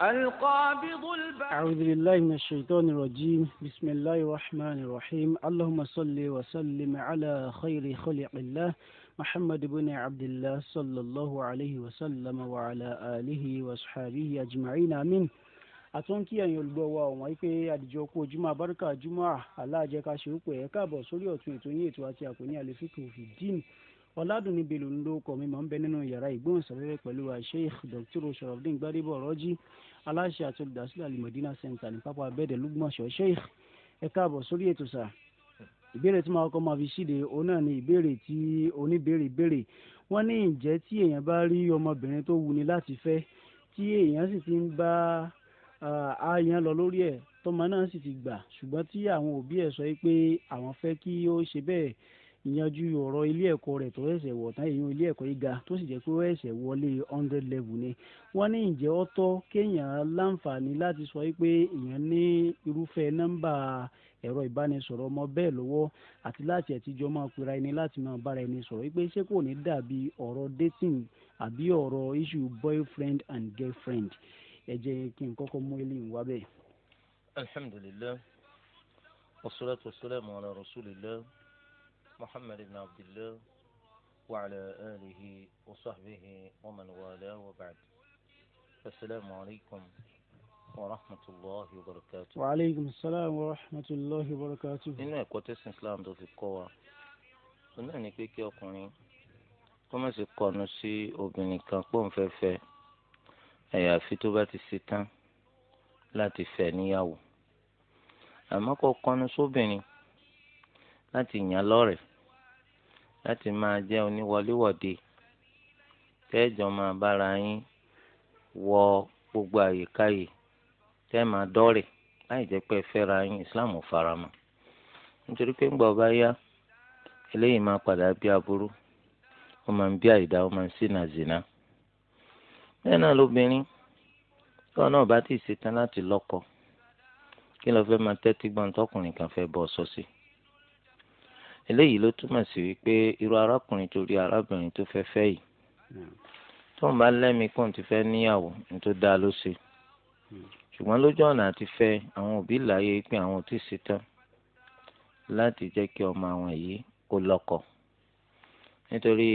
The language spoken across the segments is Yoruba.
القابض البحر أعوذ بالله من الشيطان الرجيم بسم الله الرحمن الرحيم اللهم صل وسلم على خير خلق الله محمد بن عبد الله صلى الله عليه وسلم وعلى آله وصحبه أجمعين آمين àtún kí ẹ̀yin olùgbọ́ wa ọ̀wọ́n wípé àdìjọ kú ojúmọ́ abárúkà jùmọ́ aláàjẹká ṣe òpè ẹ̀ káàbọ̀ sórí ọ̀tún ètò yín ètò àti àpò ní àlefíkò fìdín ọ̀làdùnní bèlò ńlọ ọkọ̀ ń bẹ nínú yàrá ìgbóhùnsáfẹ́fẹ́ pẹ̀lú Sheikh Dr. sharafdin gbadebo ọ̀rọ̀jì aláṣẹ àti olùdásílẹ̀ alimọ̀dínà center ní pápá abẹ́ẹ̀dẹ̀ lùgbọ̀nsọ̀ sheikh ẹ káàbọ̀ sórí ètò sà ìbéèrè tí màá kọ́ máa fi ṣíde òun náà ni ìbéèrè tí oníbéèrè béèrè wọ́n ní ǹjẹ́ tí èèyàn bá rí ọmọbìnrin tó wuni láti fẹ́ tí èèyàn sì ti ń bá ààyàn lọ lórí ẹ̀ tọmọ náà sì ti gbà ṣùgbọ́n tí àwọn òbí ẹ̀ sọ pé àwọn fẹ́ kí ó ṣe bẹ́ẹ̀ ìyanjú ọ̀rọ̀ ilé ẹ̀kọ́ rẹ̀ tó ẹ̀sẹ̀ wọ̀ tán èyí ilé ẹ̀kọ́ gíga tó sì jẹ́ pé ó ẹ̀sẹ̀ wọlé hundred level ni wọ́n ní ìjẹ́ ọ̀tọ̀ kéèyàn láǹfààní láti sọ wípé èèyàn ní irúfẹ́ nọ́mbà ẹ̀rọ ìbánisọ̀rọ̀ ọmọ bẹ́ẹ̀ lọ́wọ́ àti láti ẹ̀tíjọ́ máa pera ẹni láti máa bára ẹni sọ̀rọ̀ wípé ṣé kò ní dàbí ọ̀rọ̀ dating àbí ọ̀rọ̀ issue boyfriend and girlfriend ẹ jẹ́ kí n kọ́kọ́ mú eléyìí wá bẹ́ẹ̀. alhamdulilayi wasalaatu wasalaamu ala rasulillah. محمد بن عبد الله وعلى آله وصحبه ومن والاه وبعد السلام عليكم ورحمة الله وبركاته وعليكم السلام ورحمة الله وبركاته nínú ẹ̀kọ́ tẹ̀sìn Islam tó fi kọ́ wa tó náà ní pé kí ọkùnrin kó má ṣe kọnu sí obìnrin kan pọ̀ ń fẹ́ fẹ́ àyàfi tó bá ti ṣe tán láti fẹ́ níyàwó àmọ́ kó kọnu sóbìnrin láti yàn lọ́rẹ̀ẹ́ láti máa jẹ́ oníwọléwọ̀de tẹ́ẹ̀jọ máa bára yín wọ gbogbo àyíká yìí tẹ́ẹ̀ máa dọ́rẹ̀ láì jẹ́ pé Islam ò faramọ́ nítorí pé ńgbà ọba yá eléyìí máa padà bí aburú ó máa ń bí àìdá ó máa ń ṣìnà zìnà bẹ́ẹ̀ náà lóbìnrin tó náà bá ti ṣetán láti lọ́kọ kí lọ́ọ́ fẹ́ máa tẹ́tí gbọ́n tọkùnrin kan fẹ́ bọ́ ọ sọ sí. eléyìí ló túmọ̀ sí wípé irú arákùnrin tó rí arábìnrin tó fẹ́ fẹ́ yìí hmm. tóun bá lẹ́mìí kóun ti fẹ́ níyàwó ní tó dáa ló ṣe hmm. ṣùgbọ́n lójú ọ̀nà àti fẹ́ àwọn òbí láyé pé àwọn ò tí ì ṣetán láti jẹ́ kí ọmọ àwọn yìí kó lọ́kọ nítorí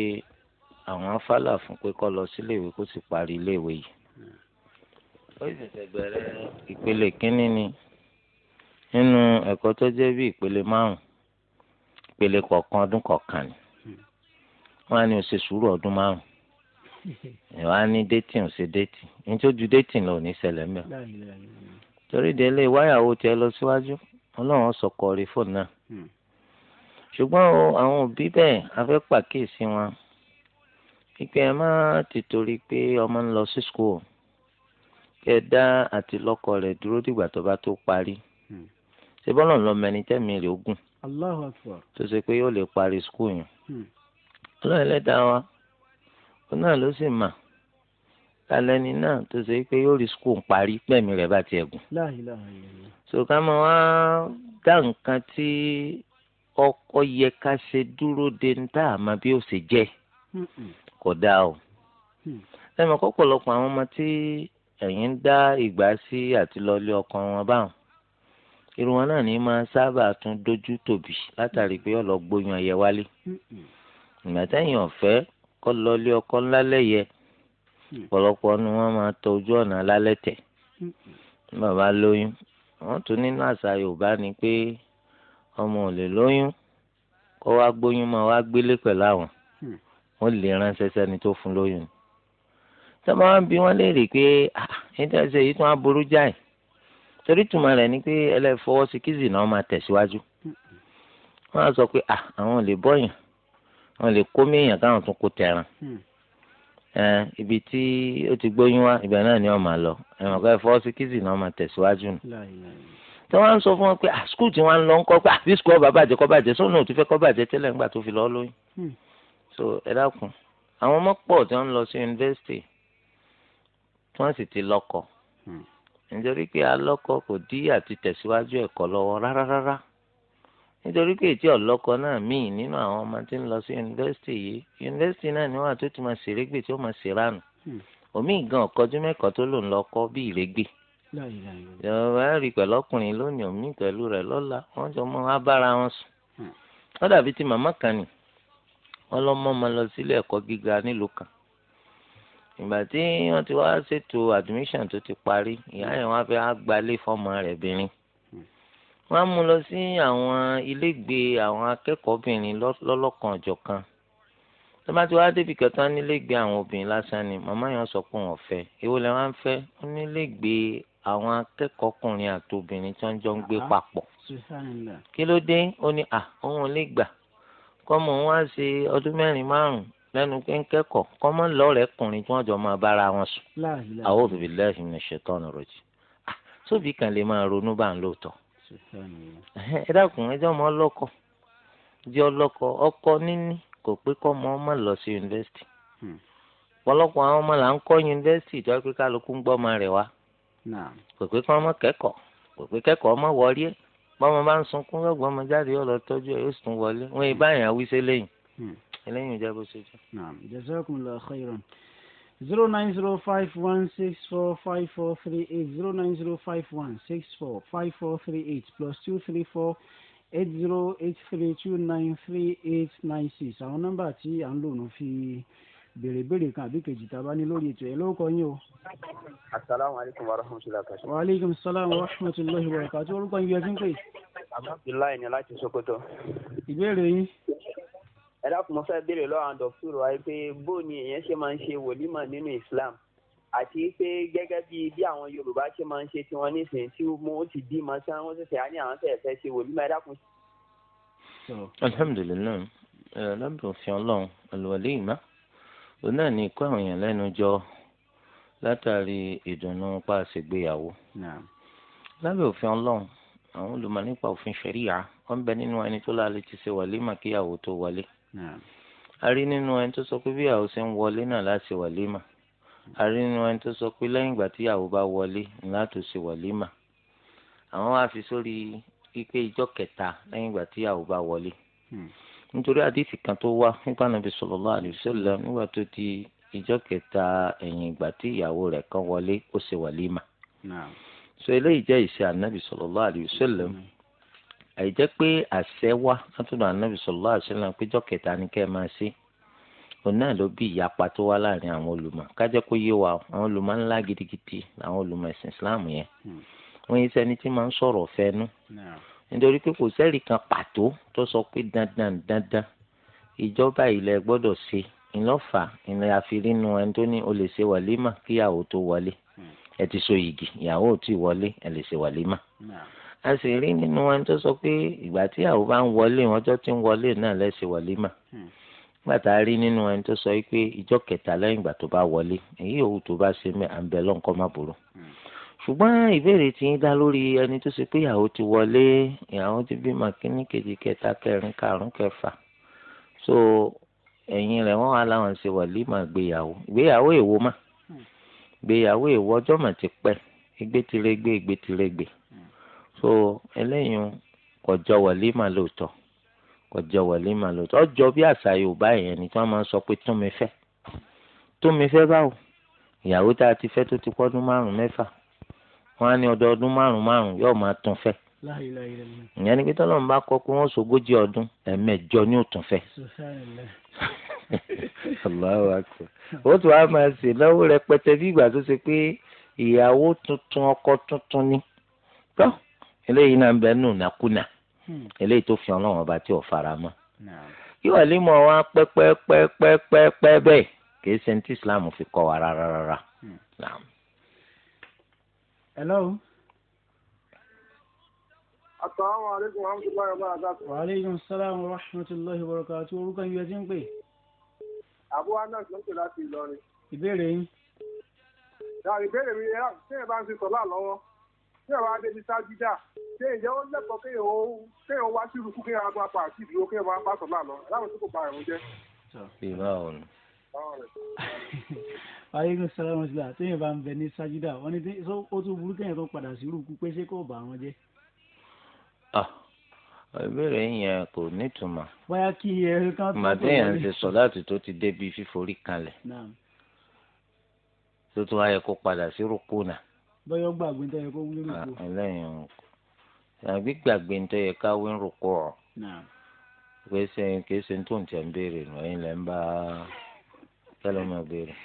àwọn afálà fún pé kó lọ síléèwé kó sì parí iléèwé yìí hmm. ó sì ṣẹ̀gbẹ̀rẹ̀ ìpele kínní ni nínú ẹ̀kọ́ tó jẹ́ bí ìpele márùn-ún ìpele kọ̀ọ̀kan ọdún kọ̀ọ̀kan ni wọ́n á ní oṣù sùúrù ọdún márùn wọ́n á ní déètì ọ̀sẹ̀ déètì ní tó ju déètì lọ ní ṣẹlẹ̀ mẹ́ torí délé wáyàwó tiẹ̀ lọ síwájú ọlọ́run sọ̀kọ̀ rí fóònù náà hmm. ṣùgbọ́n àwọn òbí bẹ́ẹ̀ afẹ́ pàkíyèsí wọn pípẹ́ ẹ má ti torí pé ọmọ ń lọ sí school kẹ dá àti lọ́kọ rẹ̀ dúró dìgbà tó bá tó parí hmm. ṣé bọ́lọ̀ lọ́mọ ẹni tẹ́mi rè ó gùn Allahu Akbar. tó ṣe pé yóò lè parí skul yẹn. Hmm. ọlọ́run ẹlẹ́dàá wa òun náà ló sì mà lálẹ́ni náà tó ṣe pé yóò rí skul parí pẹ̀mí rẹ̀ bá ti ẹ̀gùn. so ká máa wá dá nǹkan tí ọkọ yẹ ká ṣe dúró de ní tá a máa bí ó ṣe jẹ́ kò dáa o. Hmm. ẹ mọ̀ kọ́pọ̀lọpọ̀ àwọn ọmọ tí ẹ̀yin ń dá ìgbà sí àti lọ́ọ́lé ọkọ wọn báwọn irú wọn náà ní máa sábà tún dojú tòbí látàrí pé ọlọ gbóyún ofe wálé ìgbà tẹ́yìn ọ̀fẹ́ kọ́ lọ́lé ọkọ ńlá lẹ́yẹ Ọpọlọpọ ni wọ́n máa tọ ojú ọ̀nà lálẹ́ tẹ. bàbá lóyún tún nínú àṣà ni pé ọmọ ò lè lóyún kó wá gbóyún máa wá gbélé pẹ̀lú àwọn wọ́n lè ránṣẹ́ sẹ́ni tó fún lóyún wọ́n bi wọ́n léèrè pé ah nítorí ṣe èyí torí tùmọ̀ rẹ̀ ni pé ẹlẹ́fọwọ́ sí kízì náà máa tẹ̀síwájú wọ́n á sọ pé à àwọn lè bọ́yàn àwọn lè kó méèyàn káwọn tún kó tẹran hmm. ibi tí ó ti gbóyún wá ibẹ̀ náà ni wọ́n máa lọ ẹ̀wọ̀n kọ́ ẹ̀fọwọ́ sí kízì náà máa tẹ̀síwájú nù tí wọ́n á sọ fún wọn pé à skul tí wọ́n á lọ ń kọ́ pé àbí skul ọba bàjẹ́ kọ́ bàjẹ́ sóun náà tó fẹ́ kọ́ bàjẹ́ tẹ́lẹ̀ ńgbà tó fi lọ́ọ́ lóyún hmm. so ẹ dákun àwọn ọmọ pọ̀ tí wọ́n ń lọ sí yunifásitì tí wọ́n sì ti lọ́kọ̀ọ́ hmm. nítorí pé alọ́kọ kò dí àti tẹ̀síwájú ẹ̀kọ́ lọ́wọ́ rárá rárá nítorí pé ètí ọlọ́kọ náà míì nínú àwọn ọmọ tí ń lọ sí yunifásitì yìí yunifásitì náà ni wọn àti ti máa ṣèrégbè tí ó máa hmm. omi mẹ́kọ̀ọ́ tó lòun lọ kọ́ bí ìrégbè ìjọba rí pẹ̀lú ọkùnrin lónìí omi pẹ̀lú rẹ̀ lọ́la wọ́n jọ mọ́ wá bára wọn sùn hmm. dàbí ti màmá kan nì wọ́n lọ́ mọ́ lọ sílé ẹ̀kọ́ gíga nílùú kan ìgbà tí wọ́n ti wá ṣètò admission tó ti parí ìyá yẹn wọ́n fẹ́ gbalé fọ́mọ rẹ̀ bìnrin wọ́n á mú lọ sí àwọn ilégbèé àwọn akẹ́kọ̀ọ́bìnrin lọ́lọ́kan ọ̀jọ̀kan tó bá ti wá débi kẹta nílégbèé àwọn obìnrin lásán ni màmá yẹn sọ pé wọ́n fẹ́ èwo lẹ wọ́n fẹ́ nílégbèé àwọn akẹ́kọ̀ọ́kùnrin àti obìnrin tó ń jọ ń gbé ah, papọ̀ kí ló dé ó ní à òun ò lè gbà kọ́mọ òun á ṣe ọdún mẹ́rin márùn-ún lẹ́nu kẹ́kẹ́kọ̀ọ́ kọ́mọ́ lọ́ọ̀rẹ́ kùnrin tí wọ́n jọ máa bára wọn sùn. a'udhu billahi minash shaitani rajim. Ah, sóbì kan lè máa ronú bá ń lóòótọ́. ẹ dákun ẹjọ́ ọmọ ọlọ́kọ jẹ́ ọlọ́kọ ọkọ níní kò pé kọ́ ọmọ ọmọ lọ sí yunifásitì. Hmm. ọ̀pọ̀lọpọ̀ àwọn ọmọ là ń kọ́ yunifásitì tó pé kálukú ń gbọ́ ọmọ rẹ̀ wá. kò pé kọ́ ọmọ kẹ́kọ̀ọ́ kò pé kẹ́kọ̀ọ́ ọmọ wọlé eléyìí ìjà bó ṣe jẹ. jazakumullahu khairan zero nine zero five one six four five four three eight zero nine zero five one six four five four three eight plus two three four eight zero eight three two nine three eight nine six àwọn nọ́mbà tí à ń lò nù fi béèrè béèrè kan àbí kejì tá a bá ní lórí ètò ẹ lóko yín o. asalaamualeykum wa rahmatulahi wa barakatuh. wa aleykum salaam wa rahmatulahi wa barakatuh orúkọ yín bí ń pè. abdullahi ni láti sokoto. ìbéèrè yín ẹ dákun mo fẹ́ béèrè lọ́wọ́ àwọn dọ̀kítọ̀rọ̀ wa pé bó ni èèyàn ṣe máa ń ṣe wòlímọ̀ nínú Islam àti pé gẹ́gẹ́ bí bí àwọn Yorùbá ṣe máa ń ṣe tiwọn nísìnyí tí mo ti bímọ tí wọ́n ṣẹ̀ṣẹ̀ á ní àwọn tẹ̀ fẹ́ ṣe wòlímọ̀ ẹ dákun. alhamdulilayi lábẹ́ òfin ọlọ́run àlùwàlímà òun náà ní ikú àwọn èèyàn lẹ́nu jọ látàrí ìdùnnú pa àṣègbéyàwó lábẹ́ òfin ọlọ́run àwọn olùmọ̀ nípa òfin ṣẹ̀ríyà wọ́n bẹ nínú ẹni tó láàlẹ́ ti ṣe wàlímà kíyàwó tó wọlé ari nínú ẹni tó sọ pé bí àwọn ṣe ń wọlé náà láti wàlímà a rí nínú ẹni tó sọ pé lẹ́yìn ìgbà tí ìyàwó bá wọlé láti ṣe mà àwọn wá fi sórí pípé ìjọ kẹta lẹ́yìn ìgbà tí ìyàwó bá wọlé hmm. nítorí àdìsí kan tó wá nípa nàbí sallallahu alaihi wasallam nígbà tó di ìjọ kẹta ẹ̀yìn ìgbà tí ìyàwó rẹ̀ kan wọlé ó ṣe mà so eléyìí jẹ́ ìṣe ànábì sallallahu alaihi àìjẹ́ pé àṣẹ wá látọ̀dọ̀ ànábì sọ̀lá àṣẹlẹ̀ péjọ́ kẹta ni kẹ́ ẹ máa ṣe òun náà ló bí ìyapa tó wá láàrin àwọn olùmọ̀ kájẹ́ kó yé wa àwọn olùmọ̀ ńlá gidigidi làwọn olùmọ̀ ẹ̀sìn islam yẹn hmm. wọ́n yẹ sẹ́ni tí máa ń sọ̀rọ̀ fẹ́nu nítorí pé kò sẹ́rì kan pàtó tó sọ pé dandan dandan ìjọba ilẹ̀ gbọ́dọ̀ ṣe ńlọ́fà ìlẹ̀ àfirínú ẹni tó ní o lè ṣe wàlímà kíyàwó tó wọlé hmm. ẹ ti so yìgì ìyàwó ò tí wọlé ẹ lè ṣe wàlímà a sì rí nínú wọn tó sọ pé ìgbà tí àwọn bá ń wọlé wọn ọjọ́ tí ń wọlé náà lẹ́sẹ̀ wọlé mà hmm. nígbà tá a rí nínú wọn tó sọ pé ìjọ kẹta lẹ́yìn ìgbà tó bá wọlé èyí òwú tó bá ṣe mẹ́ à ń má burú hmm. ṣùgbọ́n ìbéèrè tí ń dá lórí ẹni tó ṣe pé ìyàwó ti wọlé ìyàwó ti bímọ kínní kejì kẹta kẹrin karùn kẹfà so ẹ̀yìn rẹ̀ wọ́n wá láwọn ṣe wàlímà gbéyàwó ìgbéyàwó èwo mà hmm. gbéyàwó èwo ọjọ́ so eléyìí kọjọ wàlímà lóòótọ́ kọjọ wàlímà lóòótọ́ ọjọ́ bí àṣà yorùbá yẹn ni tí wọ́n máa ń sọ pé tún mi fẹ́ tún mi fẹ́ báwo ìyàwó tá a ti fẹ́ tó ti pọ́dún márùn-ún mẹ́fà wọ́n á ní ọdọọdún márùn-ún márùn-ún yóò máa tún fẹ́ ìyẹn ni pé tọ́lọ́mù bá kọ́ pé wọ́n sogójì ọdún ẹ̀mẹ́jọ ni ó tún fẹ́. ó tún wá máa ṣe náwó rẹpẹtẹ bí ìgbà tó ṣe pé ìyàwó tuntun ọkọ tuntun ni eléyìí náà ń bẹ nù nàkúnà hmm. eléyìí tó fi ọlọ́run ọba tí ò fara mọ́ kí wàlímù wa pẹ́pẹ́pẹ́pẹ́pẹ́ bẹ́ẹ̀ kìí ṣe ti islam fi kọ́ wa rárá rárá. Hmm. hello. asalaamualeykum wa rahmatulahi wa barakatuh. wa aleykum salaam wa rahmatulahi wa barakatuh orúkọ ibi ẹtí ń pè. àbúrò anas ló ń pè láti ìlọrin. ìbéèrè yín. ìbéèrè mi ṣé ẹ bá ń fi sọ́lá lọ́wọ́ ṣé ìwà adébi ṣáájú dà ṣé ìjẹ́ ó lẹ́kọ̀ọ́ kéèyàn wá sí irúkú kéèyàn agbá pa àti ìdúró kéèyàn máa bá sọ̀ náà lọ láwọn tí kò bá ẹ̀rùn jẹ́. ìbá òun. aleykum salaam wa rahmatulah téèyàn bá ń bẹ ní sajida wọn ni ó tún burú kéèyàn tó padà sí irúkú pé ṣé kò bá wọn jẹ. ìbéèrè yẹn kò nítumọ̀. bóyá kí ẹ̀rí kan tó. màdéyàn ṣe sọ láti tó ti débi fíforí kanlẹ̀. tó tún ayẹ kó padà sí bọ́yọ̀ gbàgbé tó yẹ kó wí rúkọ. Ah, ẹlẹ́yìn o àbí gbàgbé tó yẹ ká wí rúkọ ọ̀ kèsè kèsè tó ń tẹ̀ ń béèrè nù ẹ̀yin lẹ́ ń bá tẹ́lẹ̀ mọ̀ béèrè.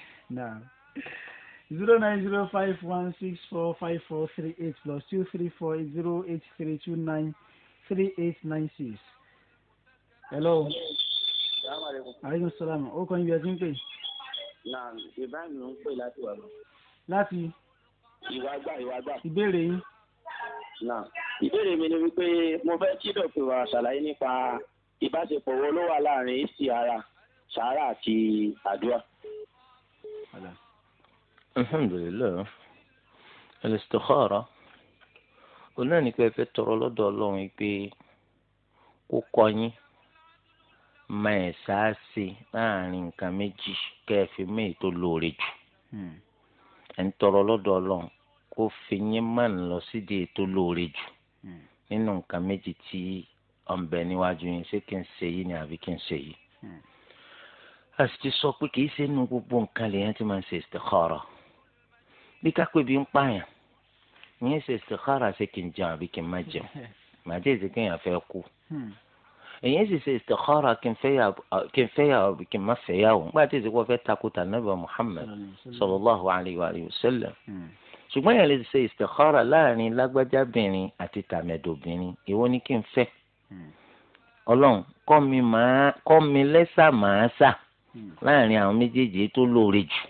zero nine zero five one six four five four three eight plus two three four zero eight three two nine three eight nine six. hello. aleykum salaam o kàn ń bí ẹ ti ń pè. ibrahim ló ń pè láti wà lọ. láti ìwà gbà ìwà gbà. ìbéèrè yín. ìbéèrè mi ni wípé mo fẹ́ kí dọ̀pẹ̀ wa ṣàlàyé nípa ìbáṣepọ̀ wo ló wà láàrin istiara sàárà àti àdúrà. alhamdulilayi alistikhara o náà ní pé ẹ fẹ́ tọrọ lọ́dọ̀ ọlọ́run pé kó kọ́ yín máa ẹ̀ sáà ṣe láàrin nǹkan méjì kẹ́ ẹ fi méyì tó lóore jù. Hmm ẹ̀ ń tọrọ lọ́dọ̀ ọlọ́run kó fi yín mọ̀n lọ sídìí ètò lóore jù hmm. nínú nǹkan méjì tí ọ̀nbẹ níwájú yín ṣé kí n ṣe yìí ni àbí kí n ṣe yìí. Hmm. a sì ti sọ pé kì í ṣe inú gbogbo nǹkan lèèyàn ti máa ń ṣe istikhara bí kápẹ́ bí ń pààyàn ìyẹn ṣe kí n jẹun àbí kí n má jẹun màá jẹ́ ìṣèkéyàn fẹ́ kú hmm èyàn sì ṣe istikhara kí n fẹ́yàwó kí n má fẹ́yàwó nígbà tí ìsìnkú fẹ́ takùtà nàbà Muhammad sallallahu alayhi wa sallam hmm. ṣùgbọ́n yẹn lè ṣe istikhara láàrin lágbájábìnrin àti tàmẹ̀dọ̀bìnrin èwo ni kí n fẹ́ hmm. ọlọ́run kọ́ mi lẹ́sà màá sà hmm. láàrin àwọn méjèèjì tó lóore jù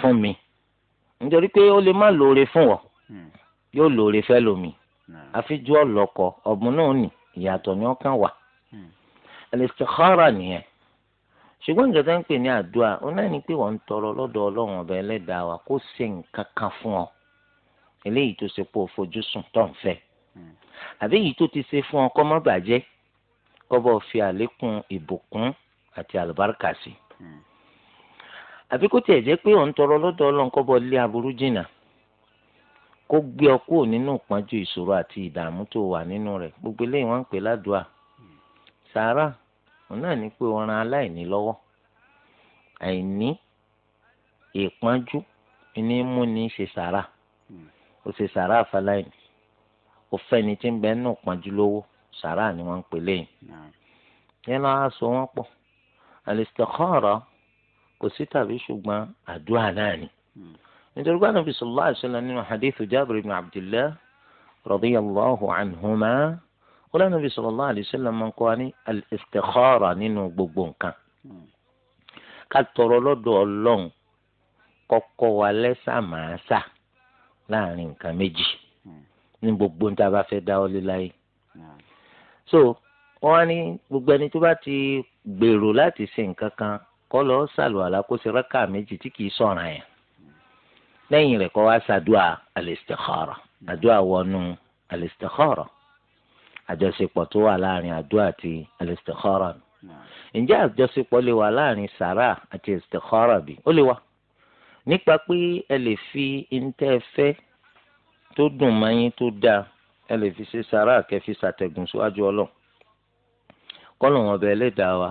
fún mi nítorí pé ó lè má lóore fún ọ yóò lóore fẹ́ lómi àfi ju ọlọ́kọ ọ̀gbun náà nì ìyàtọ̀ ni ọkàn wà hmm. al-istikhara nìyẹn ṣùgbọ́n nǹkan tó ń pè ní àdúrà ó náà ní pé wọ́n ń tọrọ lọ́dọ̀ ọlọ́run ọba ẹlẹ́dàá wa kó ṣe nǹkan kan fún ọ eléyìí tó ṣe pé o fojú sùn tó ń fẹ́ hmm. àbí èyí tó ti ṣe fún ọ kó bàjẹ́ kó fi àlékún ìbùkún àti àlùbáríkà sí hmm. àbí kó tiẹ̀ jẹ́ pé ò ń tọrọ lọ́dọ̀ ọlọ́run kó lé aburú jìnnà kó gbé ọ kúrò nínú ìpọ́njú ìṣòro àti ìdààmú tó wà nínú rẹ̀ gbogbo eléyìí wọ́n ń pè ládùúà sàárà òun náà ní pé ó ran aláìní lọ́wọ́ àìní ìpọ́njú ní mú ní ṣe sàárà ó ṣe sàárà fáláìní ó fẹ́ni tí ń bẹ nínú ìpọ́njú lówó sàárà ni wọ́n ń pè léyìn yẹn lọ́wọ́ aṣọ wọn pọ̀ al-istikhara kò sí tàbí ṣùgbọ́n àdúrà náà ni nítorí pé ànábì sallallahu alaihi wasallam nínú hadith jábìrì ibn abdullah radiyallahu anhuma ó lẹ́nu bí sallallahu alaihi wasallam máa ń kọ́ ní al-istikhara nínú gbogbo nǹkan ká tọrọ lọ́dọ̀ ọlọ́run kọ́kọ́ wa lẹ́sà máa sà láàrin nǹkan méjì ní gbogbo níta bá fẹ́ dáwọ́ lé láyé. so wọ́n á ní gbogbo ẹni tó bá ti gbèrò láti ṣe nǹkan kan kọ́ lọ́ọ́ sàlùwàlà kó ṣe rákà méjì tí kì í sọ̀ràn yẹn lẹ́yìn rẹ̀ kó wá ṣàdúà alistikhara àdúà wọnú alistikhara àjọṣepọ̀ tó wà láàrin àdúà àti alistikhara ǹjẹ́ àjọṣepọ̀ lè wà láàrin sàrà àti istikhara bí ó lè wà nípa pé ẹ lè fi ntẹ́ fẹ́ tó dùn mọ́yìn tó dáa ẹ lè fi ṣe sàrà kẹfì ṣàtẹ̀gùn síwájú ọlọ́run kọ́lọ̀ wọn bẹ ẹlẹ́dàá wa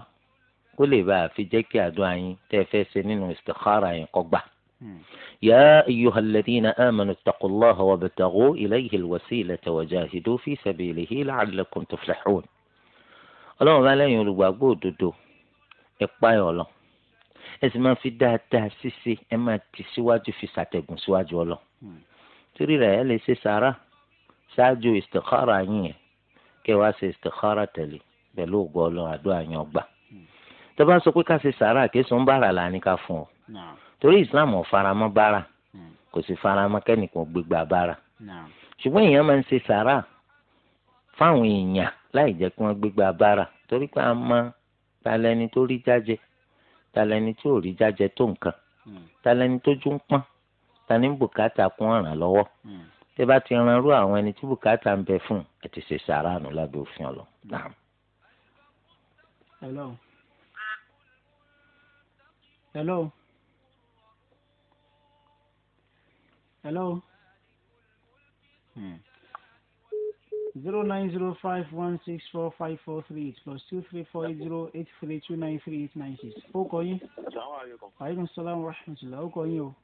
kó lè bá a fi jẹ́ kí àdúrà yín tẹ́ fẹ́ ṣe nínú istikhara yẹn kó gbà Hmm. يا أيها الذين آمنوا اتقوا الله وابتغوا إليه الوسيلة وجاهدوا في سبيله لعلكم تفلحون ọlọ́run bá lẹ́yìn olùgbàgbọ́ òdodo ẹ páyọ̀ ọlọ ẹ sì máa fi dáadáa ṣíṣe ẹ máa ti síwájú fi ṣàtẹ̀gùn síwájú ọlọ hmm. torí rẹ̀ ẹ lè ṣe sàárà ṣáájú istikhara yín yẹn kẹ wá ṣe istikhara tẹ̀lé pẹ̀lú ògbọ́ ọlọ́run àdúrà yín ọgbà hmm. tó bá sọ pé ká ṣe sàárà kí sùn bàrà là ní ká fún ọ torí islam ò faramọ́ bára hmm. kò sì faramọ́ kẹ́nìkan gbégbá bára ṣùgbọ́n èèyàn máa ń ṣe sàrà fáwọn èèyàn láì jẹ́ kí wọ́n gbégbá bára torí pé a mọ talẹni tó rí jájẹ talẹni tí ò rí jájẹ tó nǹkan hmm. talẹni tójú ń pọ́n tani bùkátà kún ọ̀ràn lọ́wọ́ hmm. tẹ bá ti ran irú àwọn ẹni tí bùkátà ń bẹ fún ẹ ti ṣe sàrà nù lábẹ́ òfin ọ̀lọ́. hello. hello. hello hmm. zero nine zero five one six four five four three eight plus two three four eight zero eight three two nine three eight nine six. ó kọ yín. salaamaleykum. aleykum salaam wa rahmatulah ó kọ yín o.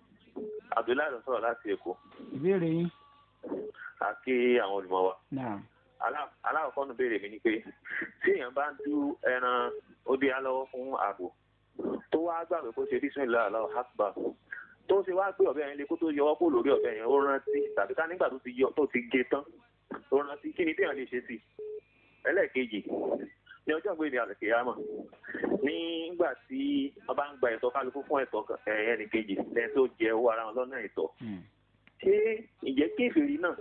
abdullahi ló sọ̀rọ̀ láti èkó. ìbéèrè yín. a kí àwọn olùmọ̀ wa. aláàkọ́ nu béèrè mi ni pé tí èèyàn bá ń du ẹran ó dé alọ́wọ́ fún ààbò tó wá gbàgbé kó ṣe bísí ìlú àlọ́ àkùbà tó ń ṣe wá pé ọ̀bẹ yẹn lè kó tó yọwọ́ kó lórí ọ̀bẹ yẹn ó rántí tàbí ká nígbà tó ti yọ tó ti gé tán ó rántí kí ni téèyàn lè ṣe sí i ẹlẹ́ẹ̀kejì ní ọjọ́ ìgbé ni àlùkìyámọ̀ nígbà tí wọ́n bá ń gba ẹ̀tọ́ kálukú fún ẹ̀tọ́ ẹnìkejì lẹ́yìn tó jẹ owó ara wọn lọ́nà ẹ̀tọ́ hmm. ṣé ìjẹ́ kéferì náà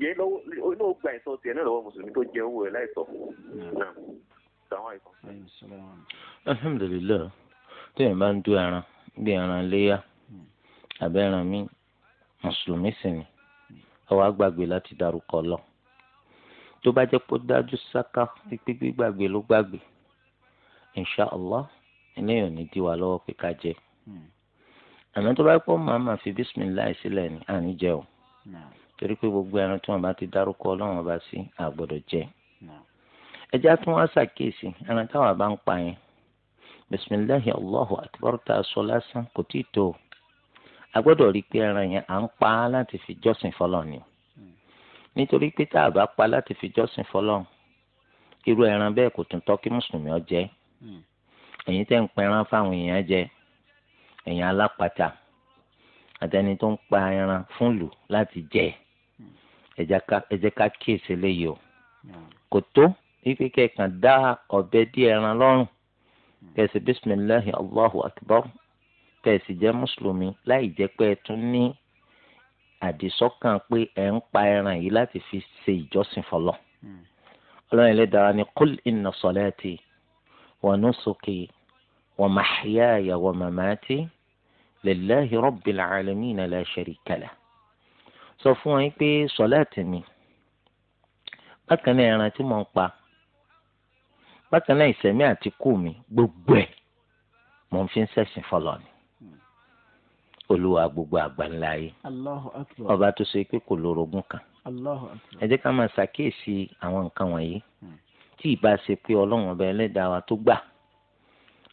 jẹ́ lọ́wọ́ oní ó gba ẹ̀tọ́ tiẹ̀ náà lọ́wọ́ mùsùlùmí tó jẹ owó ẹ̀ láìtọ́ hmm. náà sàwọn àìsàn. alhamdulilayi bá ń dún ẹran bí ẹran léyà abẹ́ràn mi mùsùlùmí sì ni ọwọ́ àgbàgbé láti dárúkọ lọ tó bá jẹ́ pé ó dájú sáká pípé gbígbàgbé ló gbàgbé insha allah eléyìí ò ní dí wa lọ́wọ́ pé ká jẹ àmọ́ tó bá pọ̀ màmá fi bísímìláì sílẹ̀ ní àní jẹ o torí pé gbogbo ẹran tí wọn bá ti dárúkọ ọlọ́run ọba sí àgbọ́dọ̀ jẹ ẹjẹ tí wọn ṣàkíyèsí ẹran táwọn bá ń pa yẹn bísímìláì allahu akbar tá a sọ lásán kò tí ì tó o. a gbọ́dọ̀ rí i pé ẹran yẹn à ń pa á láti fi jọ́sìn fọlọ́ ni nítorí pé tá a bá pa láti fi jọ́sìn fọlọ́ irú ẹran bẹ́ẹ̀ kò tún tọ́ kí mùsùlùmí ọ jẹ hmm. ẹ̀yin tẹ́ ń pa ẹran fáwọn èèyàn jẹ ẹ̀yin alápatà àtẹni tó ń pa ẹran fún lù láti jẹ ẹ jẹ́ ká kíyèsí léyìí o hmm. kò tó wípé kẹ́ẹ̀kan dá ọ̀bẹ dí ẹran lọ́rùn hmm. kẹ́sì bisimilahi allahu akbar kẹ̀sì jẹ́ mùsùlùmí láì jẹ́ pé ẹ tún ní àdìsọ́kàn pé ẹ̀ ń pa ẹran yìí láti fi ṣe ìjọsìn fọlọ́ hmm. ọlọ́run ẹlẹ́dàá ni kúl inna salati wa nusuki wa mahyaya wa mamati lillahi rabbil alamina la sharika lah sọ fún wọn pé sọláàtì mi bákan náà ẹran tí mo ń pa bákan náà ìsẹ̀mí àti kù mi gbogbo ẹ̀ mo ń fi ń ṣẹ̀sìn fọlọ́ ni olúwa gbogbo àgbáńlá yìí ọba tó ṣe pé kò lórogún kan ẹ jẹ́ ká máa ṣàkíyèsí àwọn nǹkan wọ̀nyí hmm. tí ìbá ṣe pé ọlọ́run ọba ẹlẹ́dàá wa tó gbà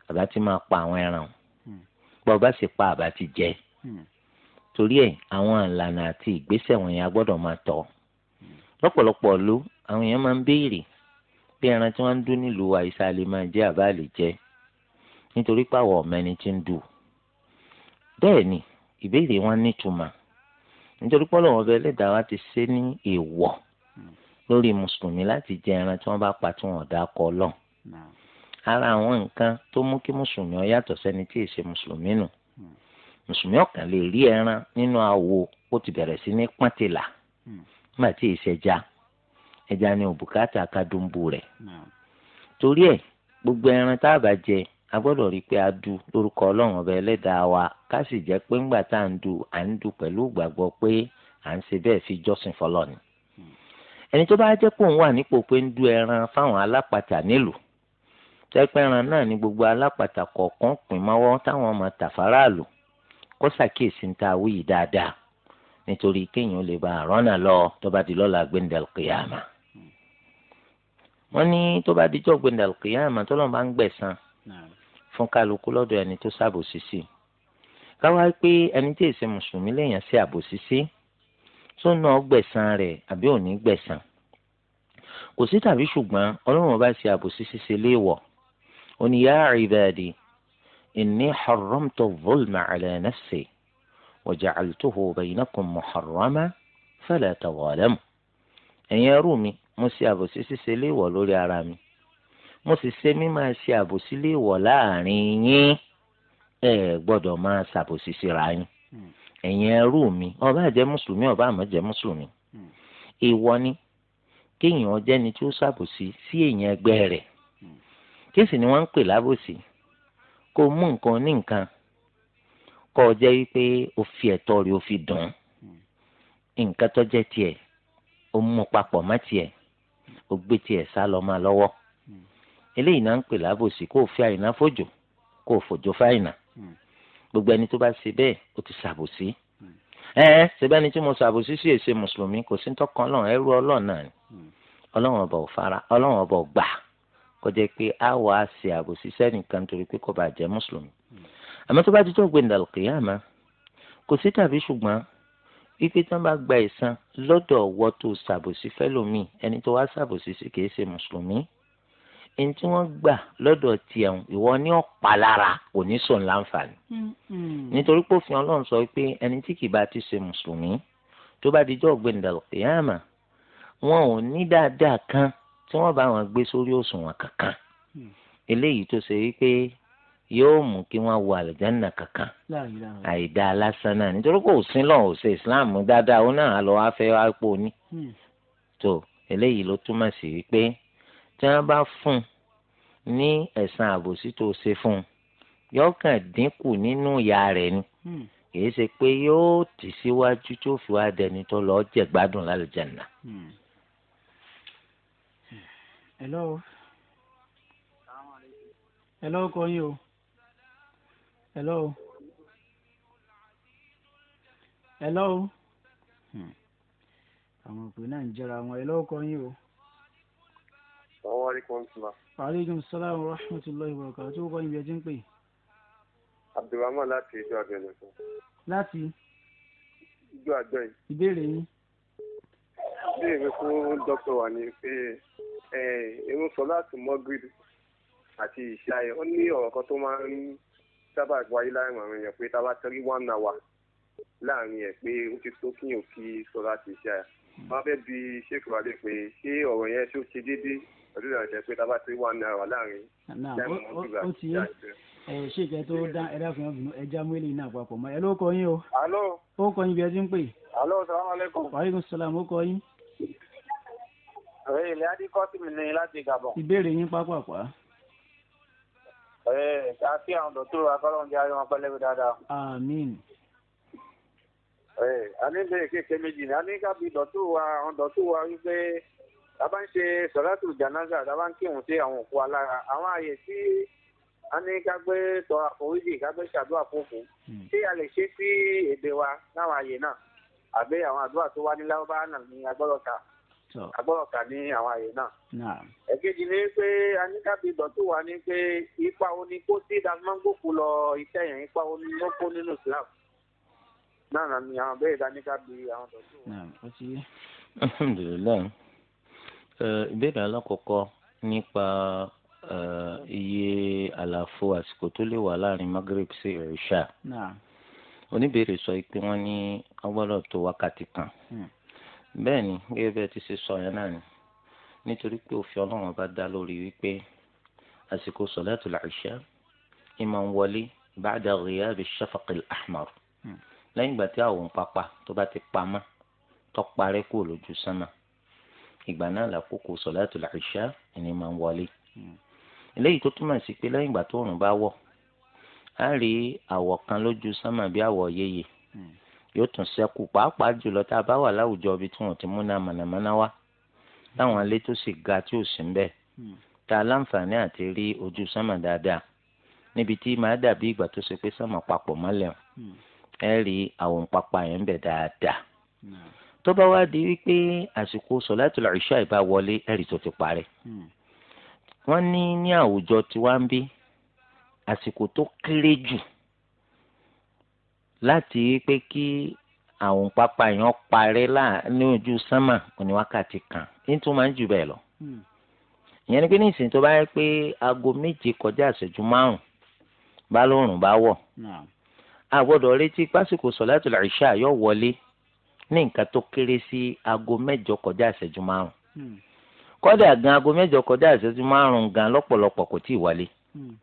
àbá ti máa pa àwọn ẹran hmm. bọ́ ọba sì pa àbá ti jẹ hmm. torí àwọn àti ìgbésẹ̀ wọ̀nyí a gbọ́dọ̀ máa tọ̀ lọ́pọ̀lọpọ̀ ló àwọn èèyàn máa ń béèrè bí ẹran tí wọ́n ń dún nílùú lè máa jẹ́ àbá lè bẹ́ẹ̀ ni ìbéèrè wọn nítumọ̀ nítorí pé Ọlọ́run ọbẹ̀ ẹlẹ́dàá wa ti ṣe ní èèwọ̀ lórí mùsùlùmí láti jẹ ẹran tí wọ́n bá pa tí wọ́n dá kọ lọ. ara àwọn nǹkan tó mú kí mùsùlùmí ó yàtọ̀ sẹ́ni tí èsè mùsùlùmí nù mùsùlùmí ọ̀kan lè rí ẹran nínú àwo ó ti bẹ̀rẹ̀ sí ní pọ́ntìlà nígbà tí èsè ẹja ẹja ni òbúkátà kadumbu rẹ̀ torí ẹ̀ gbogbo ẹran tá a bá jẹ a gbọ́dọ̀ rí i pé a du lórúkọ ọlọ́run ọba ẹlẹ́dàá wa ká sì jẹ́ pé ńgbà tá à ń du à ń du pẹ̀lú ìgbàgbọ́ pé à ń ṣe bẹ́ẹ̀ fi jọ́sìn fọlọ́ ni. ẹni tó bá jẹ́ pé òun wà nípò pé ń du ẹran fáwọn alápatà nílùú tẹ́pẹ́ ẹran náà ni gbogbo alápatà kọ̀ọ̀kan pín mọ́wọ́ táwọn ọmọ tàfàràlù kó ṣàkíyèsí ń ta awúyí dáadáa nítorí kéèyàn lè ba àrọ́nà lọ tó bá di lọ́la gbẹ̀ndẹ̀lùkìyàmà wọ́n ní tó bá dijọ́ gbẹ̀ndẹ̀lùkìyàmà tó lọ́n bá ń gbẹ̀san fún kálukú lọ́dọ̀ ẹni tó ṣàbòsí sí káwá pé ẹni tí èsì mùsùlùmí lèèyàn ṣe àbòsí sí tó ná gbẹ̀san rẹ̀ àbí ò ní gbẹ̀san kò sí tàbí ṣùgbọ́n ọlọ́run bá ṣe àbòsí ṣíṣe léèwọ̀ ó ní yá ibadi inni harramtu zulma ala nafsi wa ja'altuhu baynakum muharrama fala ẹrú mi mo ṣe àbòsí ṣíṣe léèwọ̀ lórí ara mi mo sì ṣe mí máa ṣe àbòsí lè wọ̀ láàrin yín ẹ gbọ́dọ̀ máa ṣàbòsí síra yín hmm. ẹ̀yin ẹrú mi ọba bá mùsùlùmí ọba bá má jẹ́ mùsùlùmí hmm. ìwọ ni kéèyàn jẹ́ni tí ó ṣàbòsí sí èèyàn ẹgbẹ́ rẹ̀ hmm. kéèsì ni wọ́n ń pè lábòsí kó mú nǹkan ní nǹkan kó jẹ́ wípé o fi ẹ̀tọ́ rẹ̀ o fi dùn nǹkan tó jẹ́ tiẹ̀ o mú papọ̀ má tiẹ̀ o gbé tiẹ̀ sá lọ máa lọ́wọ́. eléyìí náà ń pè lábòsí kó o fi àyìnà fòjò kó o fòjò fáyìnà hmm. gbogbo ẹni tó bá ṣe bẹ́ẹ̀ ó ti ṣàbòsí hmm. ẹ ẹ ṣẹbẹ ni tí mo ṣàbòsí sí èsè mùsùlùmí kò sí tọkàn Ọlọ́run ẹrú Ọlọ́run náà ni hmm. Ọlọ́run ọba ò fara Ọlọ́run ọba ò gbà kó jẹ́ pé a wàá ṣe àbòsí sẹ́nìkan nítorí pé kò bá jẹ́ mùsùlùmí àmọ́ tó bá ti tó gbẹndàlù kìyàmá kò sí tàbí ṣùgbọ́n wípé tí wọ́n bá gba ìsan lọ́dọ̀ ọwọ ṣàbòsí fẹlòmíì ẹni tó wá ṣàbòsí sí kìí ṣe mùsùlùmí ẹni tí wọ́n gbà lọ́dọ̀ tiẹ̀ ìwọ ni ó pa lára kò ní sùn láǹfààní. Mm-hmm. nítorí pé òfin ọlọ́run sọ pé ẹni tí kìí bá ti ṣe mùsùlùmí tó bá dijọ́ gbẹ̀ndàlọ́ ìyáàmà wọn ò ní dáadáa kan tí wọ́n bá wọn gbé sórí òṣùwọ̀n kankan. Mm-hmm. eléyìí tó ṣe wípé yóò mú kí wọ́n wọ àlùjáná kankan àìdá lásán náà nítorí kò sí lọ́wọ́ ò islam dáadáa ó náà lọ́wọ́ afẹ́ àpò ní. tó mm. eléyìí ló túmọ̀ sí wípé tí wọ́n bá fún un ní ẹ̀san àbòsí tó ṣe fún un yóò kàn dínkù nínú ìyà rẹ̀ ni hmm. kìí ṣe pé yóò tì síwájú tó fi wá dẹni tó lọ jẹ gbádùn lálùjánnà. Hmm. hello hello kò yín o hello hello hmm. àwọn òpè náà ń jẹra wọn hello kò yín o aleykum salaam wa rahmatulahi wa barakatuh tí ó kọ́ ibi ẹjẹ́ ń pè. abdulrahman láti ìjọ àbẹ̀lẹ̀ fún. láti. ìjọ àjọ yìí. ìbéèrè yín. ìbéèrè mi fún dókítà wa ni pé irun sọ láti mọ́gìrì àti ìṣáyẹ ó ní ọ̀rọ̀ kan tó máa ń sábà wáyé láàrin àwọn èèyàn pé tá a bá tẹ́rí one hour láàrin ẹ̀ pé ó ti tó kíyàn kí sọ láti ìṣáyẹ. wọ́n fẹ́ bi ṣé kò wá lè pé ṣé ọ̀rọ̀ yẹn tó ṣe déédéé ojú ìrìn àjẹ pé tábà sí one naira láàrin. ó ti yé ẹ ṣe kẹ tó dá ẹ dáfẹ́ ọ̀bùnú ẹ já mú eléyìí náà papọ̀ mọ́ ẹ ló kọ yín o. alo. ó kọ yín bí ẹ ti ń pè. alo salaamaleykum. waaleykum salaam ó kọ yín. ọ̀rẹ́ ilé adé kọ́sìmì ni láti Gabon. ìbéèrè yín pápápá. ẹ ká sí àwọn dọ̀tún akọ́lọ́ọ̀dé ayé wọn pẹ́lẹ́bí dáadáa. àmín. ẹ a ní bẹ́ẹ̀ kéèké méjì ni a ní ká bí dọ̀tún wa àwọn dọ̀tún wa wípé tábà ń ṣe sọ̀látù jànáza tábà ń kírun sí àwọn òkú alára àwọn àyè tí a ní ká gbé tọrọ àforíjì ká gbé ṣàdúrà fòfò tí hmm. a lè ṣe sí èdè wa láwọn àyè náà àbí àwọn àdúrà tó wá ní lárúbáwá náà ní agbọ́dọ̀ kà agbọ́dọ̀ ní àwọn àyè náà. ẹ̀kejì ni pé a ní ká fi dọ̀tú wa ní pé ipa wo ni kó sí ìdánimọ̀gbòkú lọ iṣẹ́ yẹn ipa wo ni ó kó nínú Islam náà ni àwọn bẹ́ẹ̀ dání ká àwọn dọ̀tú wa. alhamdulilayi. Eh, ìbéèrè alákọ̀ọ́kọ́ nípa eh, iye àlàfo àsìkò tó lè wà láàrin Maghrib sí ìrìṣà oníbèrè sọ pé wọ́n ní ọgbọ́dọ̀ tó wákàtí kan hmm. bẹ́ẹ̀ ni gẹ́gẹ́ bẹ́ẹ̀ ti ṣe sọ yẹn náà ni nítorí pé òfin Ọlọ́run bá dá lórí wípé àsìkò sọ̀látùl ìṣà ìmọ̀ ń wọlé ba'da ghiyabi shafaqil ahmar hmm. lẹ́yìn ìgbà tí àwọn pápá tó bá ti pamọ́ tó kúrò lójú sánmà ìgbà náà làkókò sọ̀láàtù làṣà ẹni máa ń wọlé. Hmm. eléyìí tó túmọ̀ sí pé lẹ́yìn ìgbà tó òrùn bá wọ̀ á rí àwọ̀ kan lójú sánmà bí àwọ̀ yeye hmm. yóò tún ṣẹ́kù pàápàá jùlọ tá a bá wà láwùjọ ibi tí wọ́n ti múná mànàmáná wá táwọn alé tó sì ga tí ò sí ń bẹ̀ hmm. tá láǹfààní àti rí ojú sánmà dáadáa níbi tí màá dàbí ìgbà tó ṣe pé sánmà papọ̀ mọ́lẹ̀ ẹ rí àwọn pápá yẹn ń bẹ̀ dáadáa tó bá wá di wípé àsìkò sọ̀látùl ìṣá ìbá wọlé ẹ̀rì tó ti parẹ́ hmm. wọ́n ní ní àwùjọ tiwa ń bí àsìkò tó kéré jù láti wípé kí àwọn pápá yẹn parẹ́ ní ojú sánmà ní wákàtí kan ní tó máa ń jù bẹ́ẹ̀ lọ hmm. ìyẹn ni pé ní ìsìn tó bá yẹ pé aago méje kọjá ìṣẹ́jú márùn bá lóòrùn bá wọ̀ a retí pásìkò sọ̀látùl ìṣá yóò wọlé ní nǹkan tó kéré sí aago mẹ́jọ kọjá ìṣẹ́jú márùn-ún hmm. kódà gan aago mẹ́jọ kọjá ìṣẹ́jú márùn-ún gan lọ́pọ̀lọpọ̀ kò tíì wálé hmm.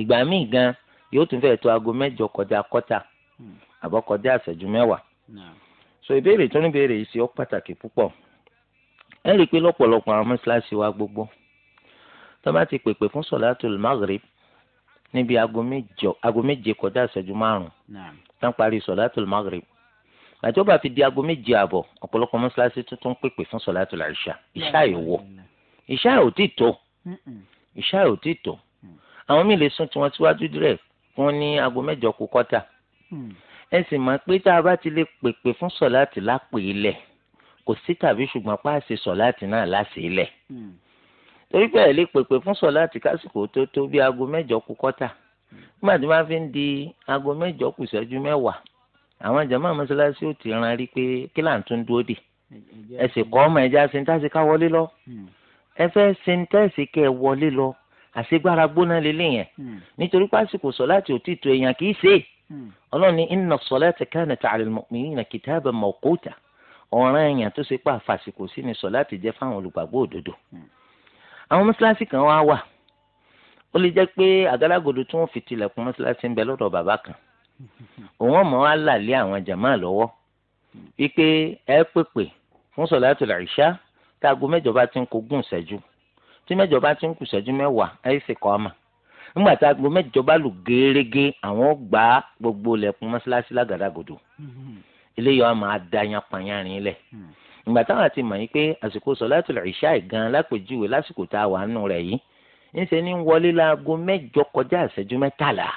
ìgbà míì gan yóò tún fẹ́ẹ̀ tó aago mẹ́jọ kọjá kọ́tà hmm. àbọ̀ kọjá ìṣẹ́jú mẹ́wàá so ìbéèrè tó ní béèrè yìí ṣe ó pàtàkì púpọ̀ ẹ rí i pé lọ́pọ̀lọpọ̀ àwọn mọ́ṣáláṣí wa gbogbo tó bá ti pèpè fún sọ̀látùl maghrib níbi aago méje kọjá ìṣẹ́jú márùn-ún tán parí sọ̀látùl maghrib gbàtí ó bá fi di aago méje àbọ̀ ọ̀pọ̀lọpọ̀ mọ́ṣáláṣí tuntun pèpè fún sọ̀láàtù làṣà ìṣá ìwọ ìṣá ò tí tó ìṣá ò tí tó mm. àwọn míì lè sún tiwọn síwájú dírẹ̀ wọn ní aago mẹ́jọ kù kọ́tà mm. ẹ sì mọ̀ pé tá a bá ti lè pèpè fún sọ̀láàtì lápè ilẹ̀ kò sí tàbí ṣùgbọ́n páàsì sọ̀láàtì náà láṣẹ ilẹ̀ mm. torí pé lè pèpè fún sọ̀láàtì kásìkò tó tó bí aago mẹ́jọ kù kọ́tà nígbà tí wọ́n fi ń di aago mẹ́jọ kù ìṣẹ́jú mẹ́wàá àwọn jàmáà mọ́ṣáláṣí ò ti ran rí pé kí là ń tún dúró dè ẹ sì kọ́ ọmọ ẹja ṣe ń tàṣe ká wọlé lọ hmm. ẹ fẹ́ ṣe ń tẹ̀sí kẹ́ ẹ wọlé lọ àṣegbára gbóná lélẹ̀ yẹn hmm. nítorí pásìkò sọ láti òtí tó èèyàn kì í ṣe hmm. ọlọ́ni inna salata kanat ala al-mu'minina kitaban mawquta ọ̀ràn èèyàn tó ṣe pa àfàsìkò sí ni sọ láti jẹ́ fáwọn olùgbàgbọ́ òdodo àwọn mọ́ṣáláṣí kan wá wà ó lè jẹ́ pé àgádágodo tí wọ́n fi tilẹ̀kùn mọ́ṣáláṣí ń bẹ lọ́dọ̀ bàbá kan òun ọmọ wa làlẹ àwọn jàmáà lọ́wọ́ wípé ẹ pèpè fún sọláàtù làìṣá táago mẹ́jọ bá ti ń kogún ìṣẹ́jú tí mẹ́jọ bá ti ń kù ìṣẹ́jú mẹ́wàá ẹ sì kọ ọmọ nígbà táago mẹ́jọ bá lù gẹ́rẹ́gẹ́ àwọn gbà gbogbo lẹ̀kùn mọ́ṣáláṣí lágàdàgodo eléyìí wọn máa da yan panyarin lẹ ìgbà táwọn àti mọ̀ yín pé àsìkò sọláàtù làìṣá ìgan lápèjúwe lásìkò tá a wà nù rẹ̀ yìí ńṣe ní wọlé láago mẹ́jọ kọjá ìṣẹ́jú mẹ́tàlá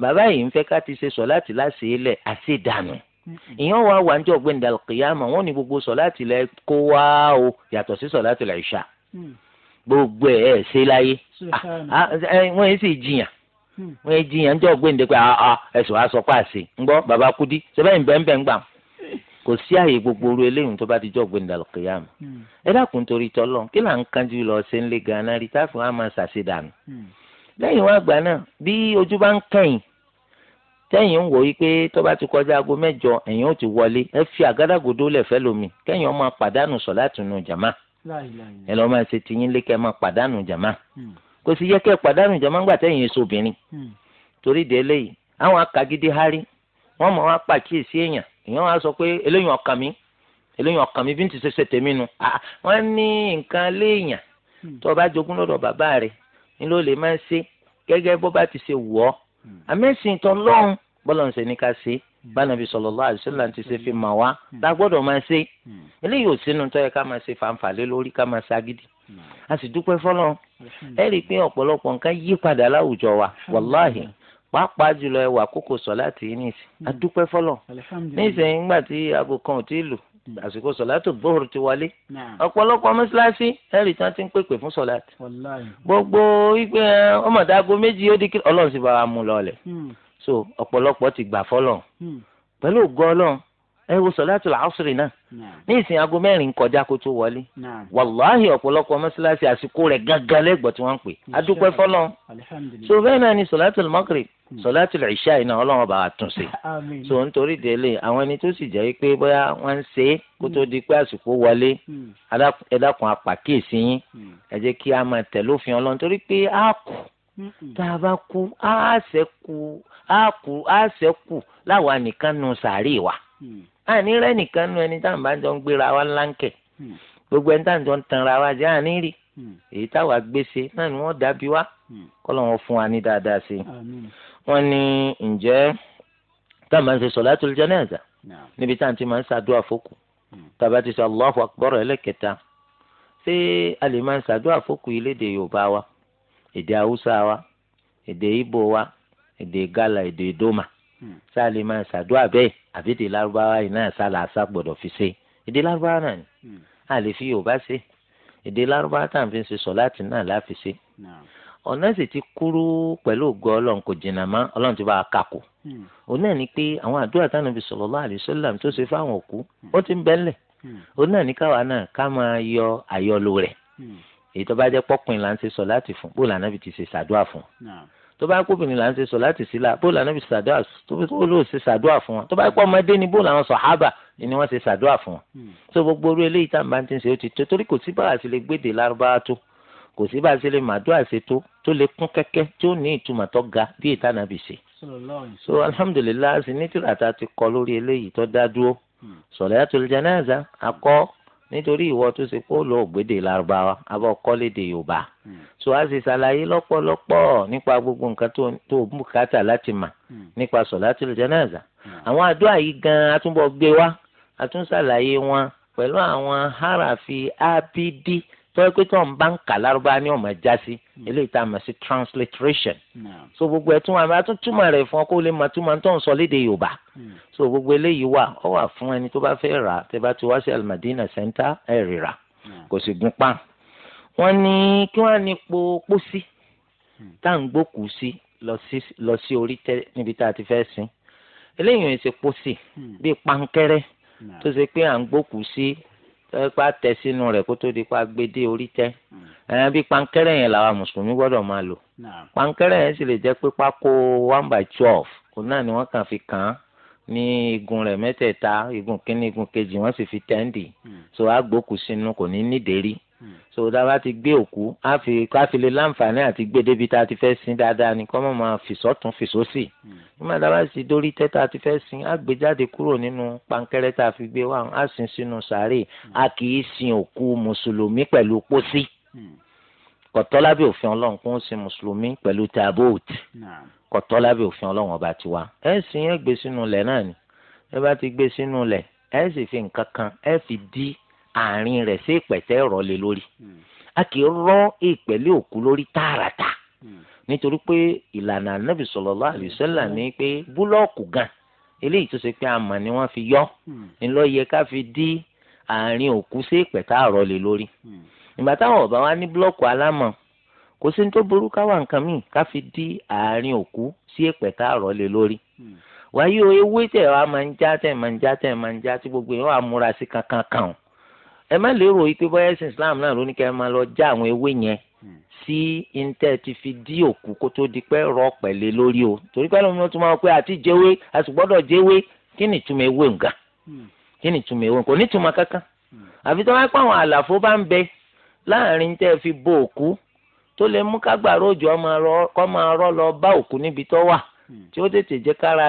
bàbá yìí ń fẹ́ ká ti ṣe sọ láti láṣẹ ilẹ̀ àti ìdànù ìyẹn wà wà ń jọ gbẹ̀ǹdà kìyàmà wọn ni gbogbo sọ láti ilẹ̀ kó wá o yàtọ̀ sí sọ láti ilẹ̀ ìṣà gbogbo ẹ̀ ẹ̀ ṣe láyé ah, ah, eh, wọ́n yẹn sì jiyàn hmm. wọ́n yẹn jiyàn ń jọ gbẹ̀ǹdà pé ah, ẹ̀sùn wa sọ pé àṣẹ ń gbọ́ bàbá kudi ṣẹbẹ́ yìí bẹ́ẹ̀ ń gbà kò sí àyè gbogbo oru eléyìí tó bá ti jọ gbẹ̀ǹdà kìyàmà hmm. ẹ dákun torí tọ́lọ́ kí là ń kánjú lọ ṣe ń lé ganan rí táfù wa máa ṣàṣedànù hmm. lẹ́yìn wá gbà náà bí ojú bá ń kẹ́yìn tẹ́yìn ń wò yí pé tó bá ti kọjá aago mẹ́jọ ó ti wọlé ẹ fi àgádágodo lẹ̀fẹ́ lomi kẹ́yìn ọmọ pàdánù sọ láti nu jàmá ẹ lọ́ máa ṣe tiyín lé kẹ́ máa pàdánù jàmá kò sì yẹ pàdánù jàmá ńgbà tẹ́yìn èso obìnrin torí àwọn akagídé hárí wọ́n mọ̀ èèyàn èèyàn wá sọ pé ọkàn mi eléyìí ọkàn mi bí n ti ṣe tèmi nu ah, wọ́n ní nǹkan léèyàn tó bá jogún lọ́dọ̀ bàbá rẹ̀ ni ló lè máa ṣe gẹ́gẹ́ àmẹ́sìn tó lọ́hùn bọ́lá ń ṣe ní ká ṣe bánàbí sallallahu alaihi wasallam ti ṣe fi mà wá hmm. lágbọ́dọ̀ máa ṣe hmm. eléyìí ò sínú tó yẹ ká máa ṣe fanfàlẹ́ lórí ká máa ṣagídí hmm. a sì dúpẹ́ fọlọ́ ẹ rí i pé ọ̀pọ̀lọpọ̀ nǹkan yí padà láwùjọ wa wàláhì pàápàá jùlọ ẹwà àkókò sọ láti ní ìsìn a dúpẹ́ fọlọ́ ní ìsìn nígbà tí aago kan ò tí ì lù àsìkò sọ̀láàtù bóhùrù ti wọlé ọ̀pọ̀lọpọ̀ mọ́ṣáláṣí ẹ̀rì tán ti ń pèpè fún sọ̀láàtù gbogbo ìgbẹ́ ọmọdàgọ́ méjì ó di kí ọlọ́run sì bá wa mú lọ́ọ̀lẹ̀ hmm. so ọ̀pọ̀lọpọ̀ ti gbà fọ́lọ̀ hmm. pẹ̀lú ògo ọlọ́run ẹ wo sọláàtì làásùrì náà ní ìsìn aago mẹ́rin kọjá kó tó wọlé wàláhì ọ̀pọ̀lọpọ̀ mọ́ṣáláṣí àsìkò rẹ̀ gángan lẹ́gbọ̀ọ́ tí wọ́n ń pè adúpẹ́ fọlọ́ so bẹ́ẹ̀ náà ni sọláàtì magrib hmm. sọláàtì ìṣá iná ọlọ́run bá tún ṣe so nítorí délé àwọn ẹni tó sì jẹ́ pé bóyá wọ́n ń ṣe é kó tó di pé àsìkò wọlé hmm. ẹ dákun apàkíyèsí yín hmm. ẹ jẹ́ kí a máa tẹ̀ lófin ọlọ́run torí pé á kù tá a bá kú á sẹ́kù á kù á sẹ́kù láwa nìkan nu sàárè wa. Hmm. àní rẹ nìkan nu ẹni tá à ń bá jọ ń gbéra wa láńkẹ hmm. gbogbo ẹni tá à ń jọ ń tanra wa jẹ àní rí hmm. èyí táwa gbèsè náà ni wọn dàbí wa kọlọ wọn fún wa ní dáadáa sí i wọn ní ǹjẹ́ tá à máa ń ṣe solatul janaza níbi tá à ń ti máa ń ṣàdúrà fókù tàbá ti sọ Allahu akbar ẹlẹ́kẹta ṣé a lè máa ń ṣàdúrà fókù yìí Yorùbá wa èdè Haúsá wa èdè Ìgbò wa èdè Gala èdè Doma ṣá a lè máa ṣàdúrà bẹ́ẹ̀ àbí èdè lárúbáwá yìí náà sálà sá gbọ́dọ̀ fi ṣe èdè lárúbáwá náà ni hmm. a lè fi yorùbá ṣe èdè lárúbáwá tá à ń fi ṣe sọ láti náà láfi ṣe ọ̀nà sì ti kúrú pẹ̀lú ògo ọlọ́run kò jìnnà mọ́ ọlọ́run ti bá a kà kù òun náà ni pé àwọn àdúrà tánàbí sallallahu alaihi wasallam tó ṣe fáwọn òkú hmm. ó ti ń bẹ́ńlẹ̀ òun hmm. náà ní káwa náà ká máa yọ àyọlò rẹ̀ èyí tó bá jẹ́ pọ́pin là ń ṣe sọ láti fún bó lànà fi ti ṣe ṣàdúrà fún un tó bá kó obìnrin là ń ṣe sọ láti sílá bó lànà bí sàdúà tó bó lò ṣe sàdúà fún wọn tó bá kó ọmọdé ni bó làwọn sàhábà ni wọ́n ṣe sàdúà fún wọn. tó hmm. gbogbo orí eléyìí tá à ń bá ti ṣe ó ti tó torí kò sí bá a ṣe lè gbédè lárúbáwá tó kò sí bá a ṣe lè màdúà ṣe tó tó lè kún kẹ́kẹ́ tí ó ní ìtumọ̀ tó ga bí ìtànà bì ṣe. so alhamdulilayi ní tìrata ti kọ lórí eléyìí tó dá dúró hmm. sọ̀rọ̀ yàtọ̀ nítorí ìwọ tó ṣe kó lọ ògbédè lárúbáwá abọ́ kọ́lédè yorùbá hmm. so a sì ṣàlàyé lọ́pọ̀lọpọ̀ nípa gbogbo nǹkan tó bùkátà láti mà hmm. nípa sọ̀látìlù jánàzà hmm. àwọn àdúrà yìí gan-an atúbọ̀ gbé wá atúnṣàlàyé wọn pẹ̀lú àwọn harafi abidi tọ́wọ́ pé tí wọ́n bá ń kà lárúbá ní ọmọ ẹja sí hmm. eléyìí tá a mọ̀ sí transliteration so gbogbo ẹ̀tún àmì àtúntúmọ̀ rẹ̀ fún ọ kó lè mọ túmọ̀ tó ń sọ léde Yorùbá hmm. so gbogbo eléyìí wà ọ wà fún ẹni tó bá fẹ́ rà tẹ́ bá ti wá sí al Center ẹ̀ rírà kò sì gun pa wọ́n ní kí wọ́n ní po pósí hmm. tá à ń gbókùú sí lọ sí orí tẹ níbi tá a ti fẹ́ sin eléyìí ò ń ṣe pósí bíi pankẹ́rẹ́ tó ṣe pé à ń gbókùú sí tẹ́lẹ̀ pa tẹ sínú rẹ̀ kó tó di pa gbé dé orí tẹ́ hmm. ẹ̀yìn bí pankẹ́rẹ́ yẹn làwa mùsùlùmí gbọ́dọ̀ máa lò pankẹ́rẹ́ yẹn sì lè jẹ́ pé pákó one by twelve kò náà ni wọ́n kàn fi kàn án ní igun rẹ̀ mẹ́tẹ̀ẹ̀ta igun kínní igun kejì wọ́n sì fi tẹ́ǹdì hmm. so àgbòkù sínú kò ní nídèérí hmm. so dábàá ti gbé òkú káfílẹ̀ láǹfààní àti gbé débi tá a ti fẹ́ sin dáadáa ni kọ́ mọ̀ máa fìsọ́tún fìsọ́sì. Mm nígbà tá a bá sì dórí tẹ́tà àti fẹ́ sin á gbé jáde kúrò nínú pankẹ́rẹ́ tá a fi gbé wá á sin sínú sàárè a kì í sin òkú mùsùlùmí pẹ̀lú pósí hmm. kọ̀tọ́ lábẹ́ òfin ọlọ́run kó ń sin mùsùlùmí pẹ̀lú tabot kọ̀tọ́ lábẹ́ òfin ọlọ́run ọba tiwa ẹ sin ẹ gbé sínú ilẹ̀ náà ni ẹ bá ti gbé sínú ilẹ̀ ẹ sì fi nǹkan kan ẹ fi dí àárín rẹ̀ sí ìpẹ̀tẹ́ rọ̀ lórí hmm. a kì í rọ́ ìpẹ̀lẹ́ nítorí pé ìlànà ànábì sallallahu alaihi wasallam ní pé búlọ́ọ̀kù gan eléyìí tó ṣe pé àmọ́ ni wọ́n fi yọ hmm. ńlọ yẹ ká fi dí àárín òkú sí ìpẹ̀tà àrọ́lẹ̀ lórí hmm. ìgbà táwọn ọba wa ní búlọ́ọ̀kù alámọ̀ kò sí ní tó burú káwa nǹkan míì ká fi dí àárín òkú sí ìpẹ̀tà àrọ́lẹ̀ lórí hmm. wáyé o ewé tẹ̀ wá máa ń já tẹ̀ máa ń já tẹ̀ máa ń já tí gbogbo yẹn wà múra sí kankan kan ẹ má lérò yìí pé bóyá ẹ̀sìn Islam náà ló ní kẹ́ ẹ máa lọ já àwọn ewé yẹn sí intẹ́ ti fi dí òkú kó tó di pé rọ pẹ̀lẹ́ lórí o torí pé lómi tó máa pé àti jẹ́wé a sì gbọ́dọ̀ kí ni túmọ̀ ewé kí ni túmọ̀ hmm. ewé kò ní túmọ̀ kankan hmm. àfi àwọn àlàfo bá ń bẹ láàrin tẹ́ fi bo òkú tó lè mú kágbàrá òjò kọ́ lọ bá òkú níbi tó wà hmm. tí ó tètè kára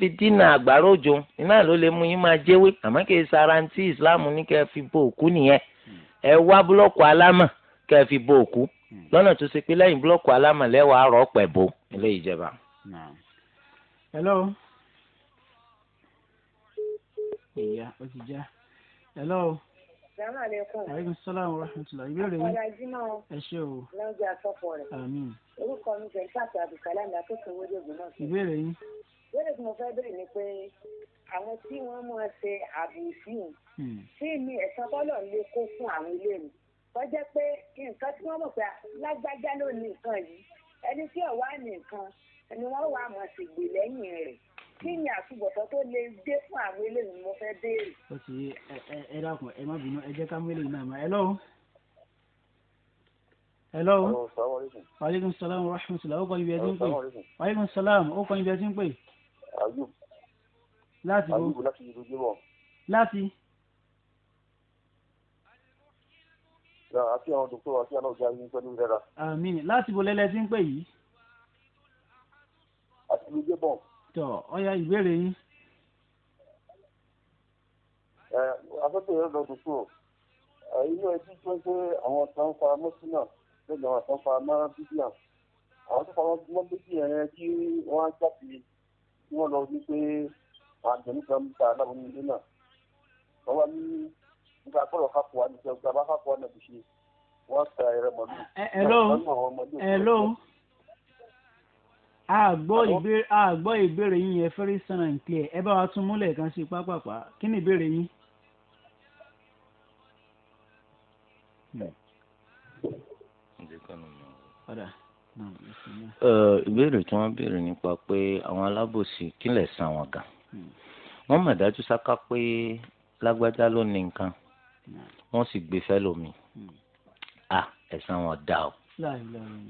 fi dínà àgbàrá òjò iná lè mú yín máa kì í sara ti ní fi òkú ẹ wá alama alámà kẹ́ fi bo òkú hmm. lọ́nà tó ṣe pé lẹ́yìn búlọ́ọ̀kù alámà lẹ́wọ̀ hello ìyá ó hello salaamaleykum. aleykum salaam wa rahmatulah. ìbéèrè ọ̀la jimá o. ẹ ṣe o. lọ́jọ́ àtọ́pọ̀ rẹ̀. orúkọ àwọn tí wọ́n máa ṣe àbòsí òun tí hmm. mi ẹ̀sán bọ́lọ̀ lè kó fún àwọn ilé mi wọ́n jẹ́ pé nǹkan tí wọ́n mọ̀ pé lágbájá ló ní nǹkan yìí ẹni tí ọ̀wá nìkan ni wọ́n wà mọ̀ sí gbè lẹ́yìn rẹ̀ kí ni àtúbọ̀tán tó lè dé fún àwọn ilé mi mo fẹ́ béèrè. ó ti ẹ ẹ dákun ẹ má bínú ẹ jẹ́ ká mú eléyìí náà mọ́ ẹ lọ́wọ́. hello. waaleykum salaam wa rahmatulah ó kọ́ ibi ẹ ti ń pè. waaleykum salaam ó kọ́ ibi ẹ ti ń pè. ayub láti wo láti ojoojúmọ́. láti. àti àwọn dòkítọ́ àti àwọn ọ̀gá yín pẹ̀lú ìrẹ́ra. àmín láti bo lẹ́lẹ́ tí ń pè yìí. àti ojoojúmọ́. tọ ọya ìbéèrè yín. ẹ afẹ́fẹ́ yẹn lọ dòkítọ́ inú ẹbí tó ń pé àwọn kan fara mọ́ sínú lẹ́yìn àwọn kan fara mọ́ bíbí náà àwọn tó fara mọ́ bíbí yẹn kí wọ́n á jáde kí wọ́n lọ wí pé. antomikam tana ni nga kolo hakuwa ni kyo gaba hakuwa na bishi wasa ere mami hello hello a gbọ́ ìbéèrè a gbọ́ ìbéèrè yín yẹn ẹ bá wa tún múlẹ̀ kan sí pápápá kí ni ìbéèrè yín. ìbéèrè tí wọ́n béèrè nípa pé àwọn alábòsí kílẹ̀ sàn wọn gan Hmm. wọ́n mọ̀ dájú sáká pé lágbájá ló ní nǹkan wọ́n sì gbé fẹ́ lómi à hmm. ah, ẹ̀san wọn dá o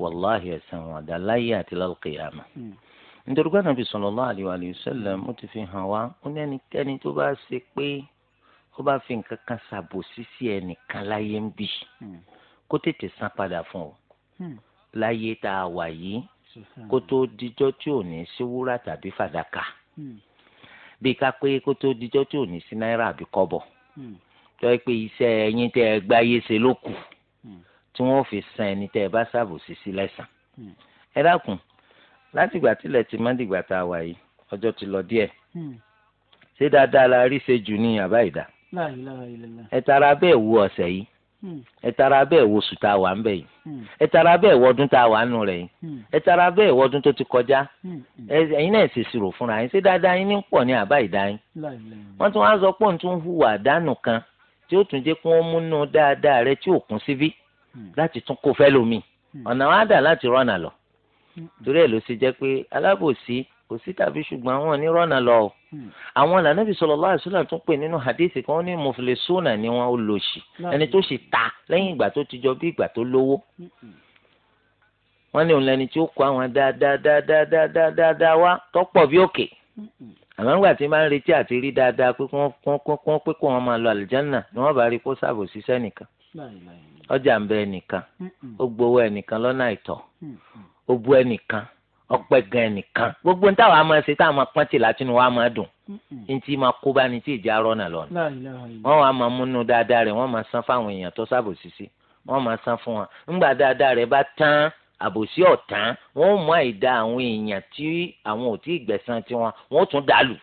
wàláhì ẹ̀san wọn dá láyé àti lálùkìyàmà hmm. nítorí pé Ànábì sallallahu alaihi wa sallam ó ti fi hàn wá ó ní ẹnikẹ́ni tó bá ṣe pé ó bá fi nǹkan kan ṣàbòsí sí ẹnìkan láyé ń bì kó tètè san padà fún ọ láyé tá a wà yìí kó tó dijọ́ tí ò ní sí wúrà tàbí fàdákà bí ká pé kó tó dijọ́ tí ò ní sí náírà àbí kọ́bọ̀ hmm. tó yẹ pé iṣẹ́ ẹyin tẹ́ ẹ gbáyé ṣe ló kù hmm. tí wọ́n fi san ẹni tẹ́ ẹ bá ṣàbòsí sí lẹ́sàn. Hmm. ẹ dákun látìgbà tílẹ̀ ti má dìgbà tá a wà yìí ọjọ́ ti lọ díẹ̀ ṣé dáadáa la rí ṣe jù ní àbá ìdá ẹ tara bẹ́ẹ̀ wo ọ̀sẹ̀ yìí Hmm. ẹ tara bẹ́ẹ̀ wo oṣù tá a wà ń bẹ̀ yìí hmm. ẹ tara bẹ́ẹ̀ wọdún tá a wà nù rẹ̀ yìí hmm. ẹ tara bẹ́ẹ̀ wọdún tó ti kọjá ẹ̀yin náà ṣe ṣírò fúnra yín ṣé dáadáa yín ní pọ̀ ní àbá ìdá tún wá sọ pé kan tí ó tún jẹ́ kí wọ́n múnú dáadáa rẹ tí láti tún kó fẹ́ lómi ọ̀nà wa dà láti rọ́nà lọ kò sí tàbí ṣùgbọ́n wọn ní rọ́nà lọ o hmm. àwọn lànàbì sallallahu alaihi wasallam tún pè nínú hadith kan ní muflisuna ni wọn ò lò sí ẹni tó sì ta lẹ́yìn ìgbà tó ti jọ bí ìgbà tó lówó hmm, hmm. wọn ní òun lẹni tí ó kó àwọn dáadáadáadáadáa wá tọ́pọ̀ bí òkè àmọ́ ńgbà tí máa ń retí àti rí dáadáa pé kún kún kún pé kún wọn máa lọ àlùjánnà ni wọ́n bá rí kó ṣàbò síṣẹ́ nìkan ọjà ń bẹ ẹnìkan ó gbowó ẹnìkan lọ́nà àìtọ́ ó bú ẹnìkan ọpẹ́ gan nìkan gbogbo ní táwọn máa ṣe táwọn máa pọ́ntì látinú wa máa dùn ní tí máa kó bá ní tí ìjà rọ́nà lọ́nà wọ́n wàá máa múnú dáadáa rẹ̀ wọ́n máa san fáwọn èèyàn tó sábòsí sí wọ́n máa san fún wọn ńgbà dáadáa rẹ̀ bá tán àbòsí ọ̀tán wọ́n ó mú àìda àwọn èèyàn tí àwọn ò tí ì gbẹ̀san tiwọn wọ́n ó tún dàlù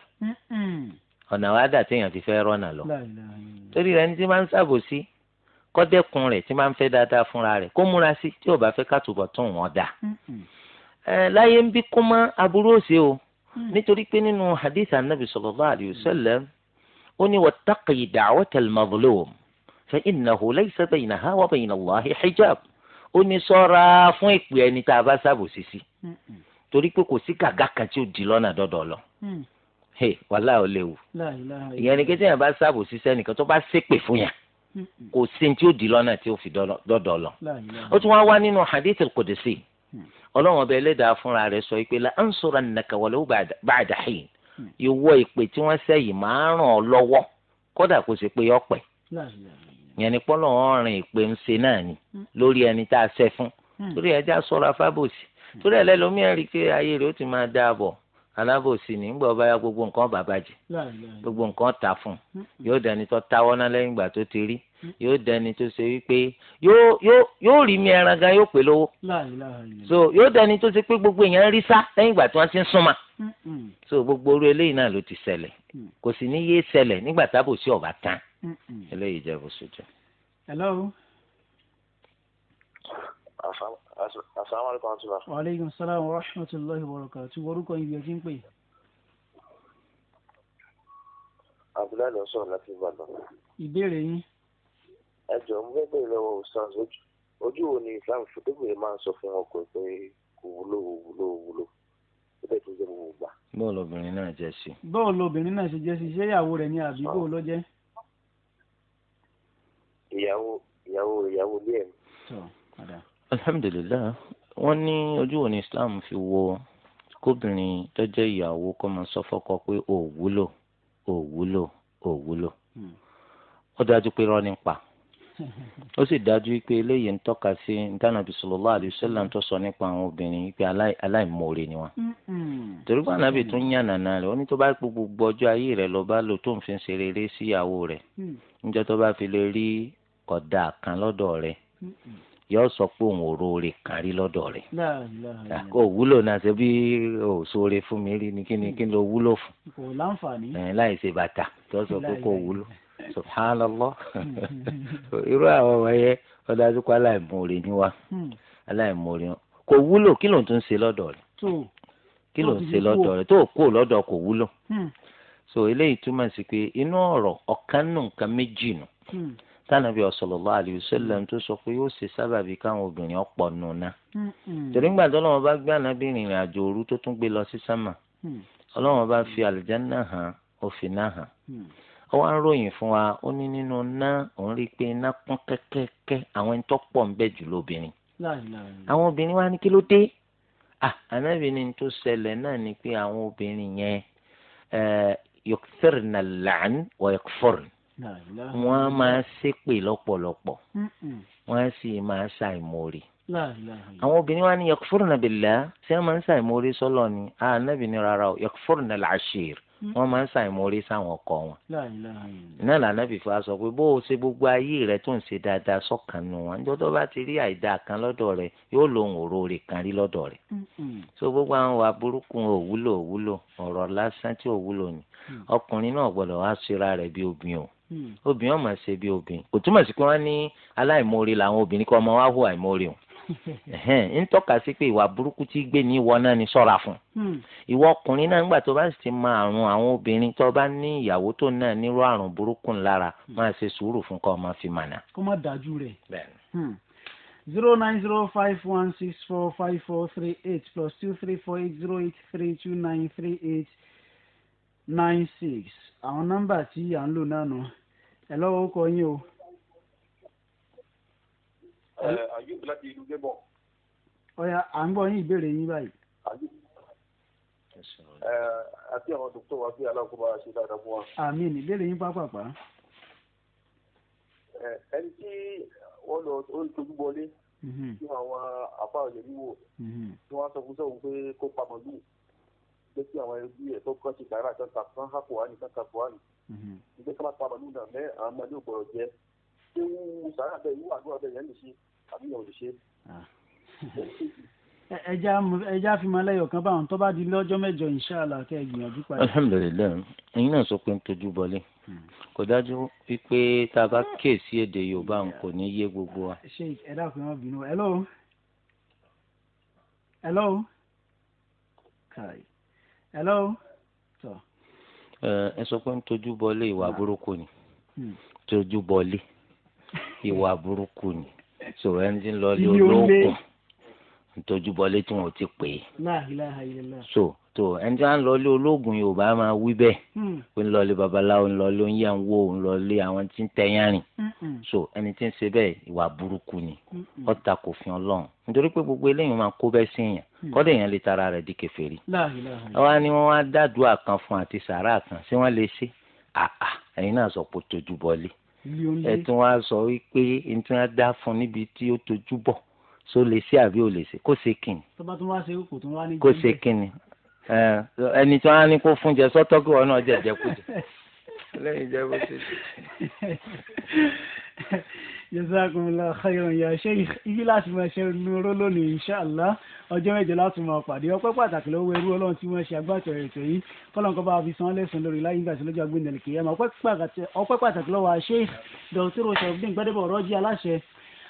ọ̀nà wa dà téèyàn ti fẹ́ rọ́nà lọ torí rẹ̀ ní tí máa ń sábòsí kọ́dẹ́kun rẹ̀ tí máa ń fẹ́ dáadáa fúnra rẹ̀ kó múra sí tí ò bá fẹ́ kàtúbọ̀ tún wọn dáa láyé ń bí kó mọ́ aburú òsè o hmm. nítorí pé nínú hadith anabi sallallahu alayhi wa hmm. sallam ó ní wattaqi da'watal mazlum fa innahu laysa baynaha wa bayna Allahi hijab ó ní ṣọ́ra fún ìpè ẹni tá a bá ṣàbòsí sí hmm, torí pé kò sí gàgá kan tí ó di lọ́nà dọ́dọ̀ lọ wàhálà ò léwu ìyẹn ni kéde yẹn bá ṣàbòsí sẹ́nìkan tó bá ṣépè fún yẹn kò sí ní tí ó di lọ́nà tí ó fi dọ́dọ̀ lọ ó tún wá wá nínú hadith al-Qudsi ọlọ́run ọba ẹlẹ́dàá fúnra rẹ̀ sọ pé la ansurannaka walau ba'da hin ìwọ ìpè tí wọ́n sẹ́yìn máa ràn ọ́ lọ́wọ́ kódà kó sì pé ọ̀pẹ́ yẹn ni pọ́lọ́ ọ̀rìn ìpè ń ṣe náà ni lórí ẹni tá a ṣẹ́ fún lórí hmm. ẹja sọ́ra fábòsì torí ẹlẹ́lómi ẹ̀rí pé ayé rẹ̀ ó ti máa dáàbọ̀ alábòsí ni ńgbà ọba ya gbogbo nǹkan bàbá jẹ gbogbo nǹkan tà fún un yóò dẹni tó táwọ́ náà lẹ́yìn ìgbà tó ti rí yóò dẹni tó ṣe wípé yóò rí mi ẹran gan yóò pè lówó so yóò dẹni tó ṣe pé gbogbo èèyàn rí sá lẹ́yìn ìgbà tí wọ́n ti ń súnmọ́ so gbogbo orú eléyìí náà ló ti ṣẹlẹ̀ mm. kò sì ní yé ṣẹlẹ̀ nígbà tábòsí ọ̀bà tán eléyìí jẹ́ bó ṣe jẹ́. hello asalaamualeykum ṣe waaleykum salaam wa rahmatulahi wa barakatuh orúkọ ibi ọtí ń pè. abdullahi lọ sọ̀rọ̀ láti ìbàdàn. ìbéèrè yín. ẹ jọ̀ọ́ mo fẹ́ bẹ̀rẹ̀ lọ́wọ́ ustaz ojú wo ni islam fúdébìnrin máa ń sọ fún ọkùnrin pé kò wúlò wúlò wúlò ó bẹ̀ tó jẹ́ gbogbo gbà. bọ́ọ̀ lobìnrin náà jẹ́ sí. bọ́ọ̀ lobìnrin náà ṣe jẹ́ sí ṣé ìyàwó rẹ̀ ni àbí bó ló jẹ́. ìyàwó ìyàwó ìyàwó ilé ẹ̀. alhamdulilayi wọn ní ojú wo ni islam fi wo kóbìnrin tó jẹ́ ìyàwó kó máa sọ fọ́kọ pé ò wúlò ò wúlò ò wúlò hmm. ó dájú pé rọ́ọ̀ nípa ó sì dájú pé eléyìí ń tọ́ka sí ntànàbí sallallahu alaihi wasallam tó sọ nípa àwọn obìnrin pé aláìmoore ni wọn. Hmm. torí pé tún hmm. gbogbo ọjọ́ ayé lọ bá lò tó ń fi ṣe rere síyàwó bá fi lè rí kan lọ́dọ̀ yọ sọ pé òun ò roore kan rí lọ́dọ̀ kò wúlò náà ṣe bí sóore fún mi rí ni kí ni kí ni wúlò fún láì ṣe bàtà sọ pé kò wúlò subhanallah irú àwọn ọmọ yẹn ọdọ àdúgbò aláìmoore ni wa hmm. aláìmoore kò wúlò kí ló ń tún ṣe lọ́dọ̀ kí ló ń ṣe lọ́dọ̀ tó kó kò wúlò hmm. so eléyìí túmọ̀ sí pé inú ọ̀rọ̀ ọ̀kan nù nǹkan méjì nù. Hmm. tánàbí sallallahu alayhi wa sallam mm. tó sọ pé yóò ṣe sábàbí káwọn obìnrin ọ̀pọ̀ nù náà torí ńgbà tó lọ́wọ́ bá gbé ànábì rìnrìn àjò òru tó tún gbé lọ sí sámà mm. ọlọ́wọ́n bá fi àlùjánnà hàn ó fi náà hàn mm. ó wá ń ròyìn fún wa ó ní nínú ná òun rí i pé iná kún kẹ́kẹ́kẹ́ àwọn ẹni tó pọ̀ ń bẹ jù lóbìnrin àwọn obìnrin wa ní kí ló dé ànábì ni tó ṣẹlẹ̀ náà ni pé àwọn obìnrin yẹn yọkfẹ́rìnà làn wọ́n wọ́n máa ṣépè lọ́pọ̀lọpọ̀ wọ́n sì máa ṣàìmọ̀rì àwọn obìnrin wa ni yakfurna billah ṣé wọ́n máa ń ṣàìmọ̀rì sọ́lọ́ ni ànábì ni rárá o yakfurna al-ashir wọ́n máa ń ṣàìmọ̀rì sáwọn ọkọ wọn. iná lànà fìfọ́ aṣọ pé bó o ṣe gbogbo ayé rẹ tó ń ṣe dáadáa sọ́kàn nù wọn níjọ́ tó bá ti rí àìdáa kan lọ́dọ̀ rẹ yóò lòun òró rè kan rí lọ́dọ̀ rẹ. so gbogbo àwọn wa burúkú òwúlò òwúlò ọ̀rọ̀ lásán tí òwúlò ni mm. ọkùnrin náà gbọ́dọ̀ wá síra rẹ̀ bí obìnrin o. Hmm. obìnrin ọmọ ṣe bí obìnrin kò túmọ̀ sí pé wọ́n ní aláìmoore làwọn obìnrin kọ́ ọmọ wa hù àìmoore o ń tọ́ka sí pé ìwà burúkú tí gbé ní ìwọ náà ni ṣọ́ra fún hmm. ìwọ ọkùnrin náà nígbà tó bá sì ti máa àrùn àwọn obìnrin tó bá ní ìyàwó tó náà nírú àrùn burúkú ńlára hmm. máa ṣe sùúrù fún kọ́ ọmọ fi mànà. kó má dájú rẹ̀ zero nine zero five one six four five four three eight plus two three four eight zero eight three two nine three eight nine six àwọn nọ́mbà tí à ń lò náà nù ẹ lọ́wọ́ kọ yín o. ẹ ayub láti ìlú gébọ. ọ̀ya à ń gbọ́ yín ìbéèrè yín báyìí. ẹ àti àwọn dókítà wa bí alákòóbá ṣe dáadáa fún wa. àmín ìbéèrè yín pápápá. ẹ ẹni tí wọ́n lọ ó ń tojú bọlé mhm. tí àwọn apá ọ̀yẹ́ wíwò tí wọ́n sọ fún sọ́hun pé kó pamọ́ lù pé kí àwọn ẹbí ẹ̀ tó kọ́ ṣe kàrà kan kà fún hàpọ̀ wá nìkan kà fún wá nìkan ìgbẹ́ ká má pa màlúù náà mẹ́ àwọn ọmọdé ò gbọ́dọ̀ jẹ ṣé wú sàrà bẹ́ẹ̀ wú àdúrà bẹ́ẹ̀ yẹn lè ṣe àbí yẹn ò lè ṣe. Ah. ẹja ẹja fi máa lẹyọ kan báwọn tó bá di lọ́jọ́ mẹ́jọ ìnṣàlá kẹ ẹ gbìyànjú padà. alhamdulilayi ẹyin náà sọ pé ń tọ́jú bọlé hmm. kò dájú wípé tá a bá kíyèsí èdè yorùbá n kò ní yé gbogbo wa. ṣé ẹ dákun náà bínú ẹ lọ́wọ́ hello kai hello Eh, ẹ sọ pé ń tojú bọlé ìwà burúkú ni hmm. tojú bọlé ìwà burúkú ni sọ̀rọ̀ ń olóògùn so tó ẹni tí wọn lọ lé ológun yorùbá máa wí bẹ́ẹ̀ hmm. pé ń lọ lé babaláwo ń oúnjẹ ń wò àwọn tí ń tẹyán hmm. so ẹni tí ń ṣe bẹ́ẹ̀ ìwà burúkú ni ọta hmm. kò fi Ọlọ́run nítorí pé gbogbo eléyìí máa kó bẹ́ẹ̀ sí èèyàn kọ́dọ̀ èèyàn lè tara rẹ̀ di kèfèrí. àwa ni wọ́n wá dàdúrà kan fún àti sàárà kan ṣé wọ́n lè ṣe àà ẹ̀yin náà sọ pé ó tójú bọ́lé ẹ̀ tún wá sọ wípé ẹni tí wọ́n dá fún níbi tí ó tójú bọ̀ so lè ṣe àbí ò lè ṣe kó ṣe kìnnì. tó kó ṣe kìnnì ẹni tí wọn á ní kó fún jẹ sọtọ kí wọn náà jẹjẹ kú jẹ lẹ́yìn jẹ bó ṣe ṣe. jazakumullahu khairan ya sheikh ibi láti máa ṣe nuró lónìí inshàlá ọjọ́ mẹ́jọ láti máa pàdé ọpẹ́ pàtàkì lọ́wọ́ ẹrú ọlọ́run tí wọ́n ṣe agbátẹ̀rẹ̀ ètò yìí kọ́lọ́nkọ́ bá fi san lẹ́sùn lórí láyé nígbà tí lọ́jọ́ agbẹ́ndẹ̀lẹ̀kẹ́ yẹn ọpẹ́ pàtàkì lọ́wọ́ sheikh dr oṣù ọ̀gbìn gbẹ́dẹ́bọ̀ rọ́jí aláṣẹ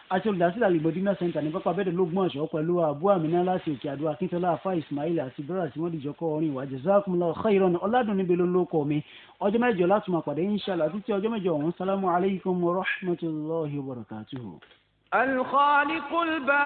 àti olùdásílẹ̀ alimọ̀dínà center ní pápá abẹ́dẹ̀ lógún ọ̀ṣọ́ pẹ̀lú abu amina láti òkè àdó akíntola afa ismail àti ibrahim tí wọ́n dìjọ kọ́ orin ìwà jazakumullahu khairan ọ̀làdùnní belo ló kọ́ mi ọjọ́ mẹ́jọ láti máa pàdé inshallah títí ọjọ́ mẹ́jọ ọ̀hún sálámù alaykum rahmatulahi wa barakatuhu. alkhaliqul ba.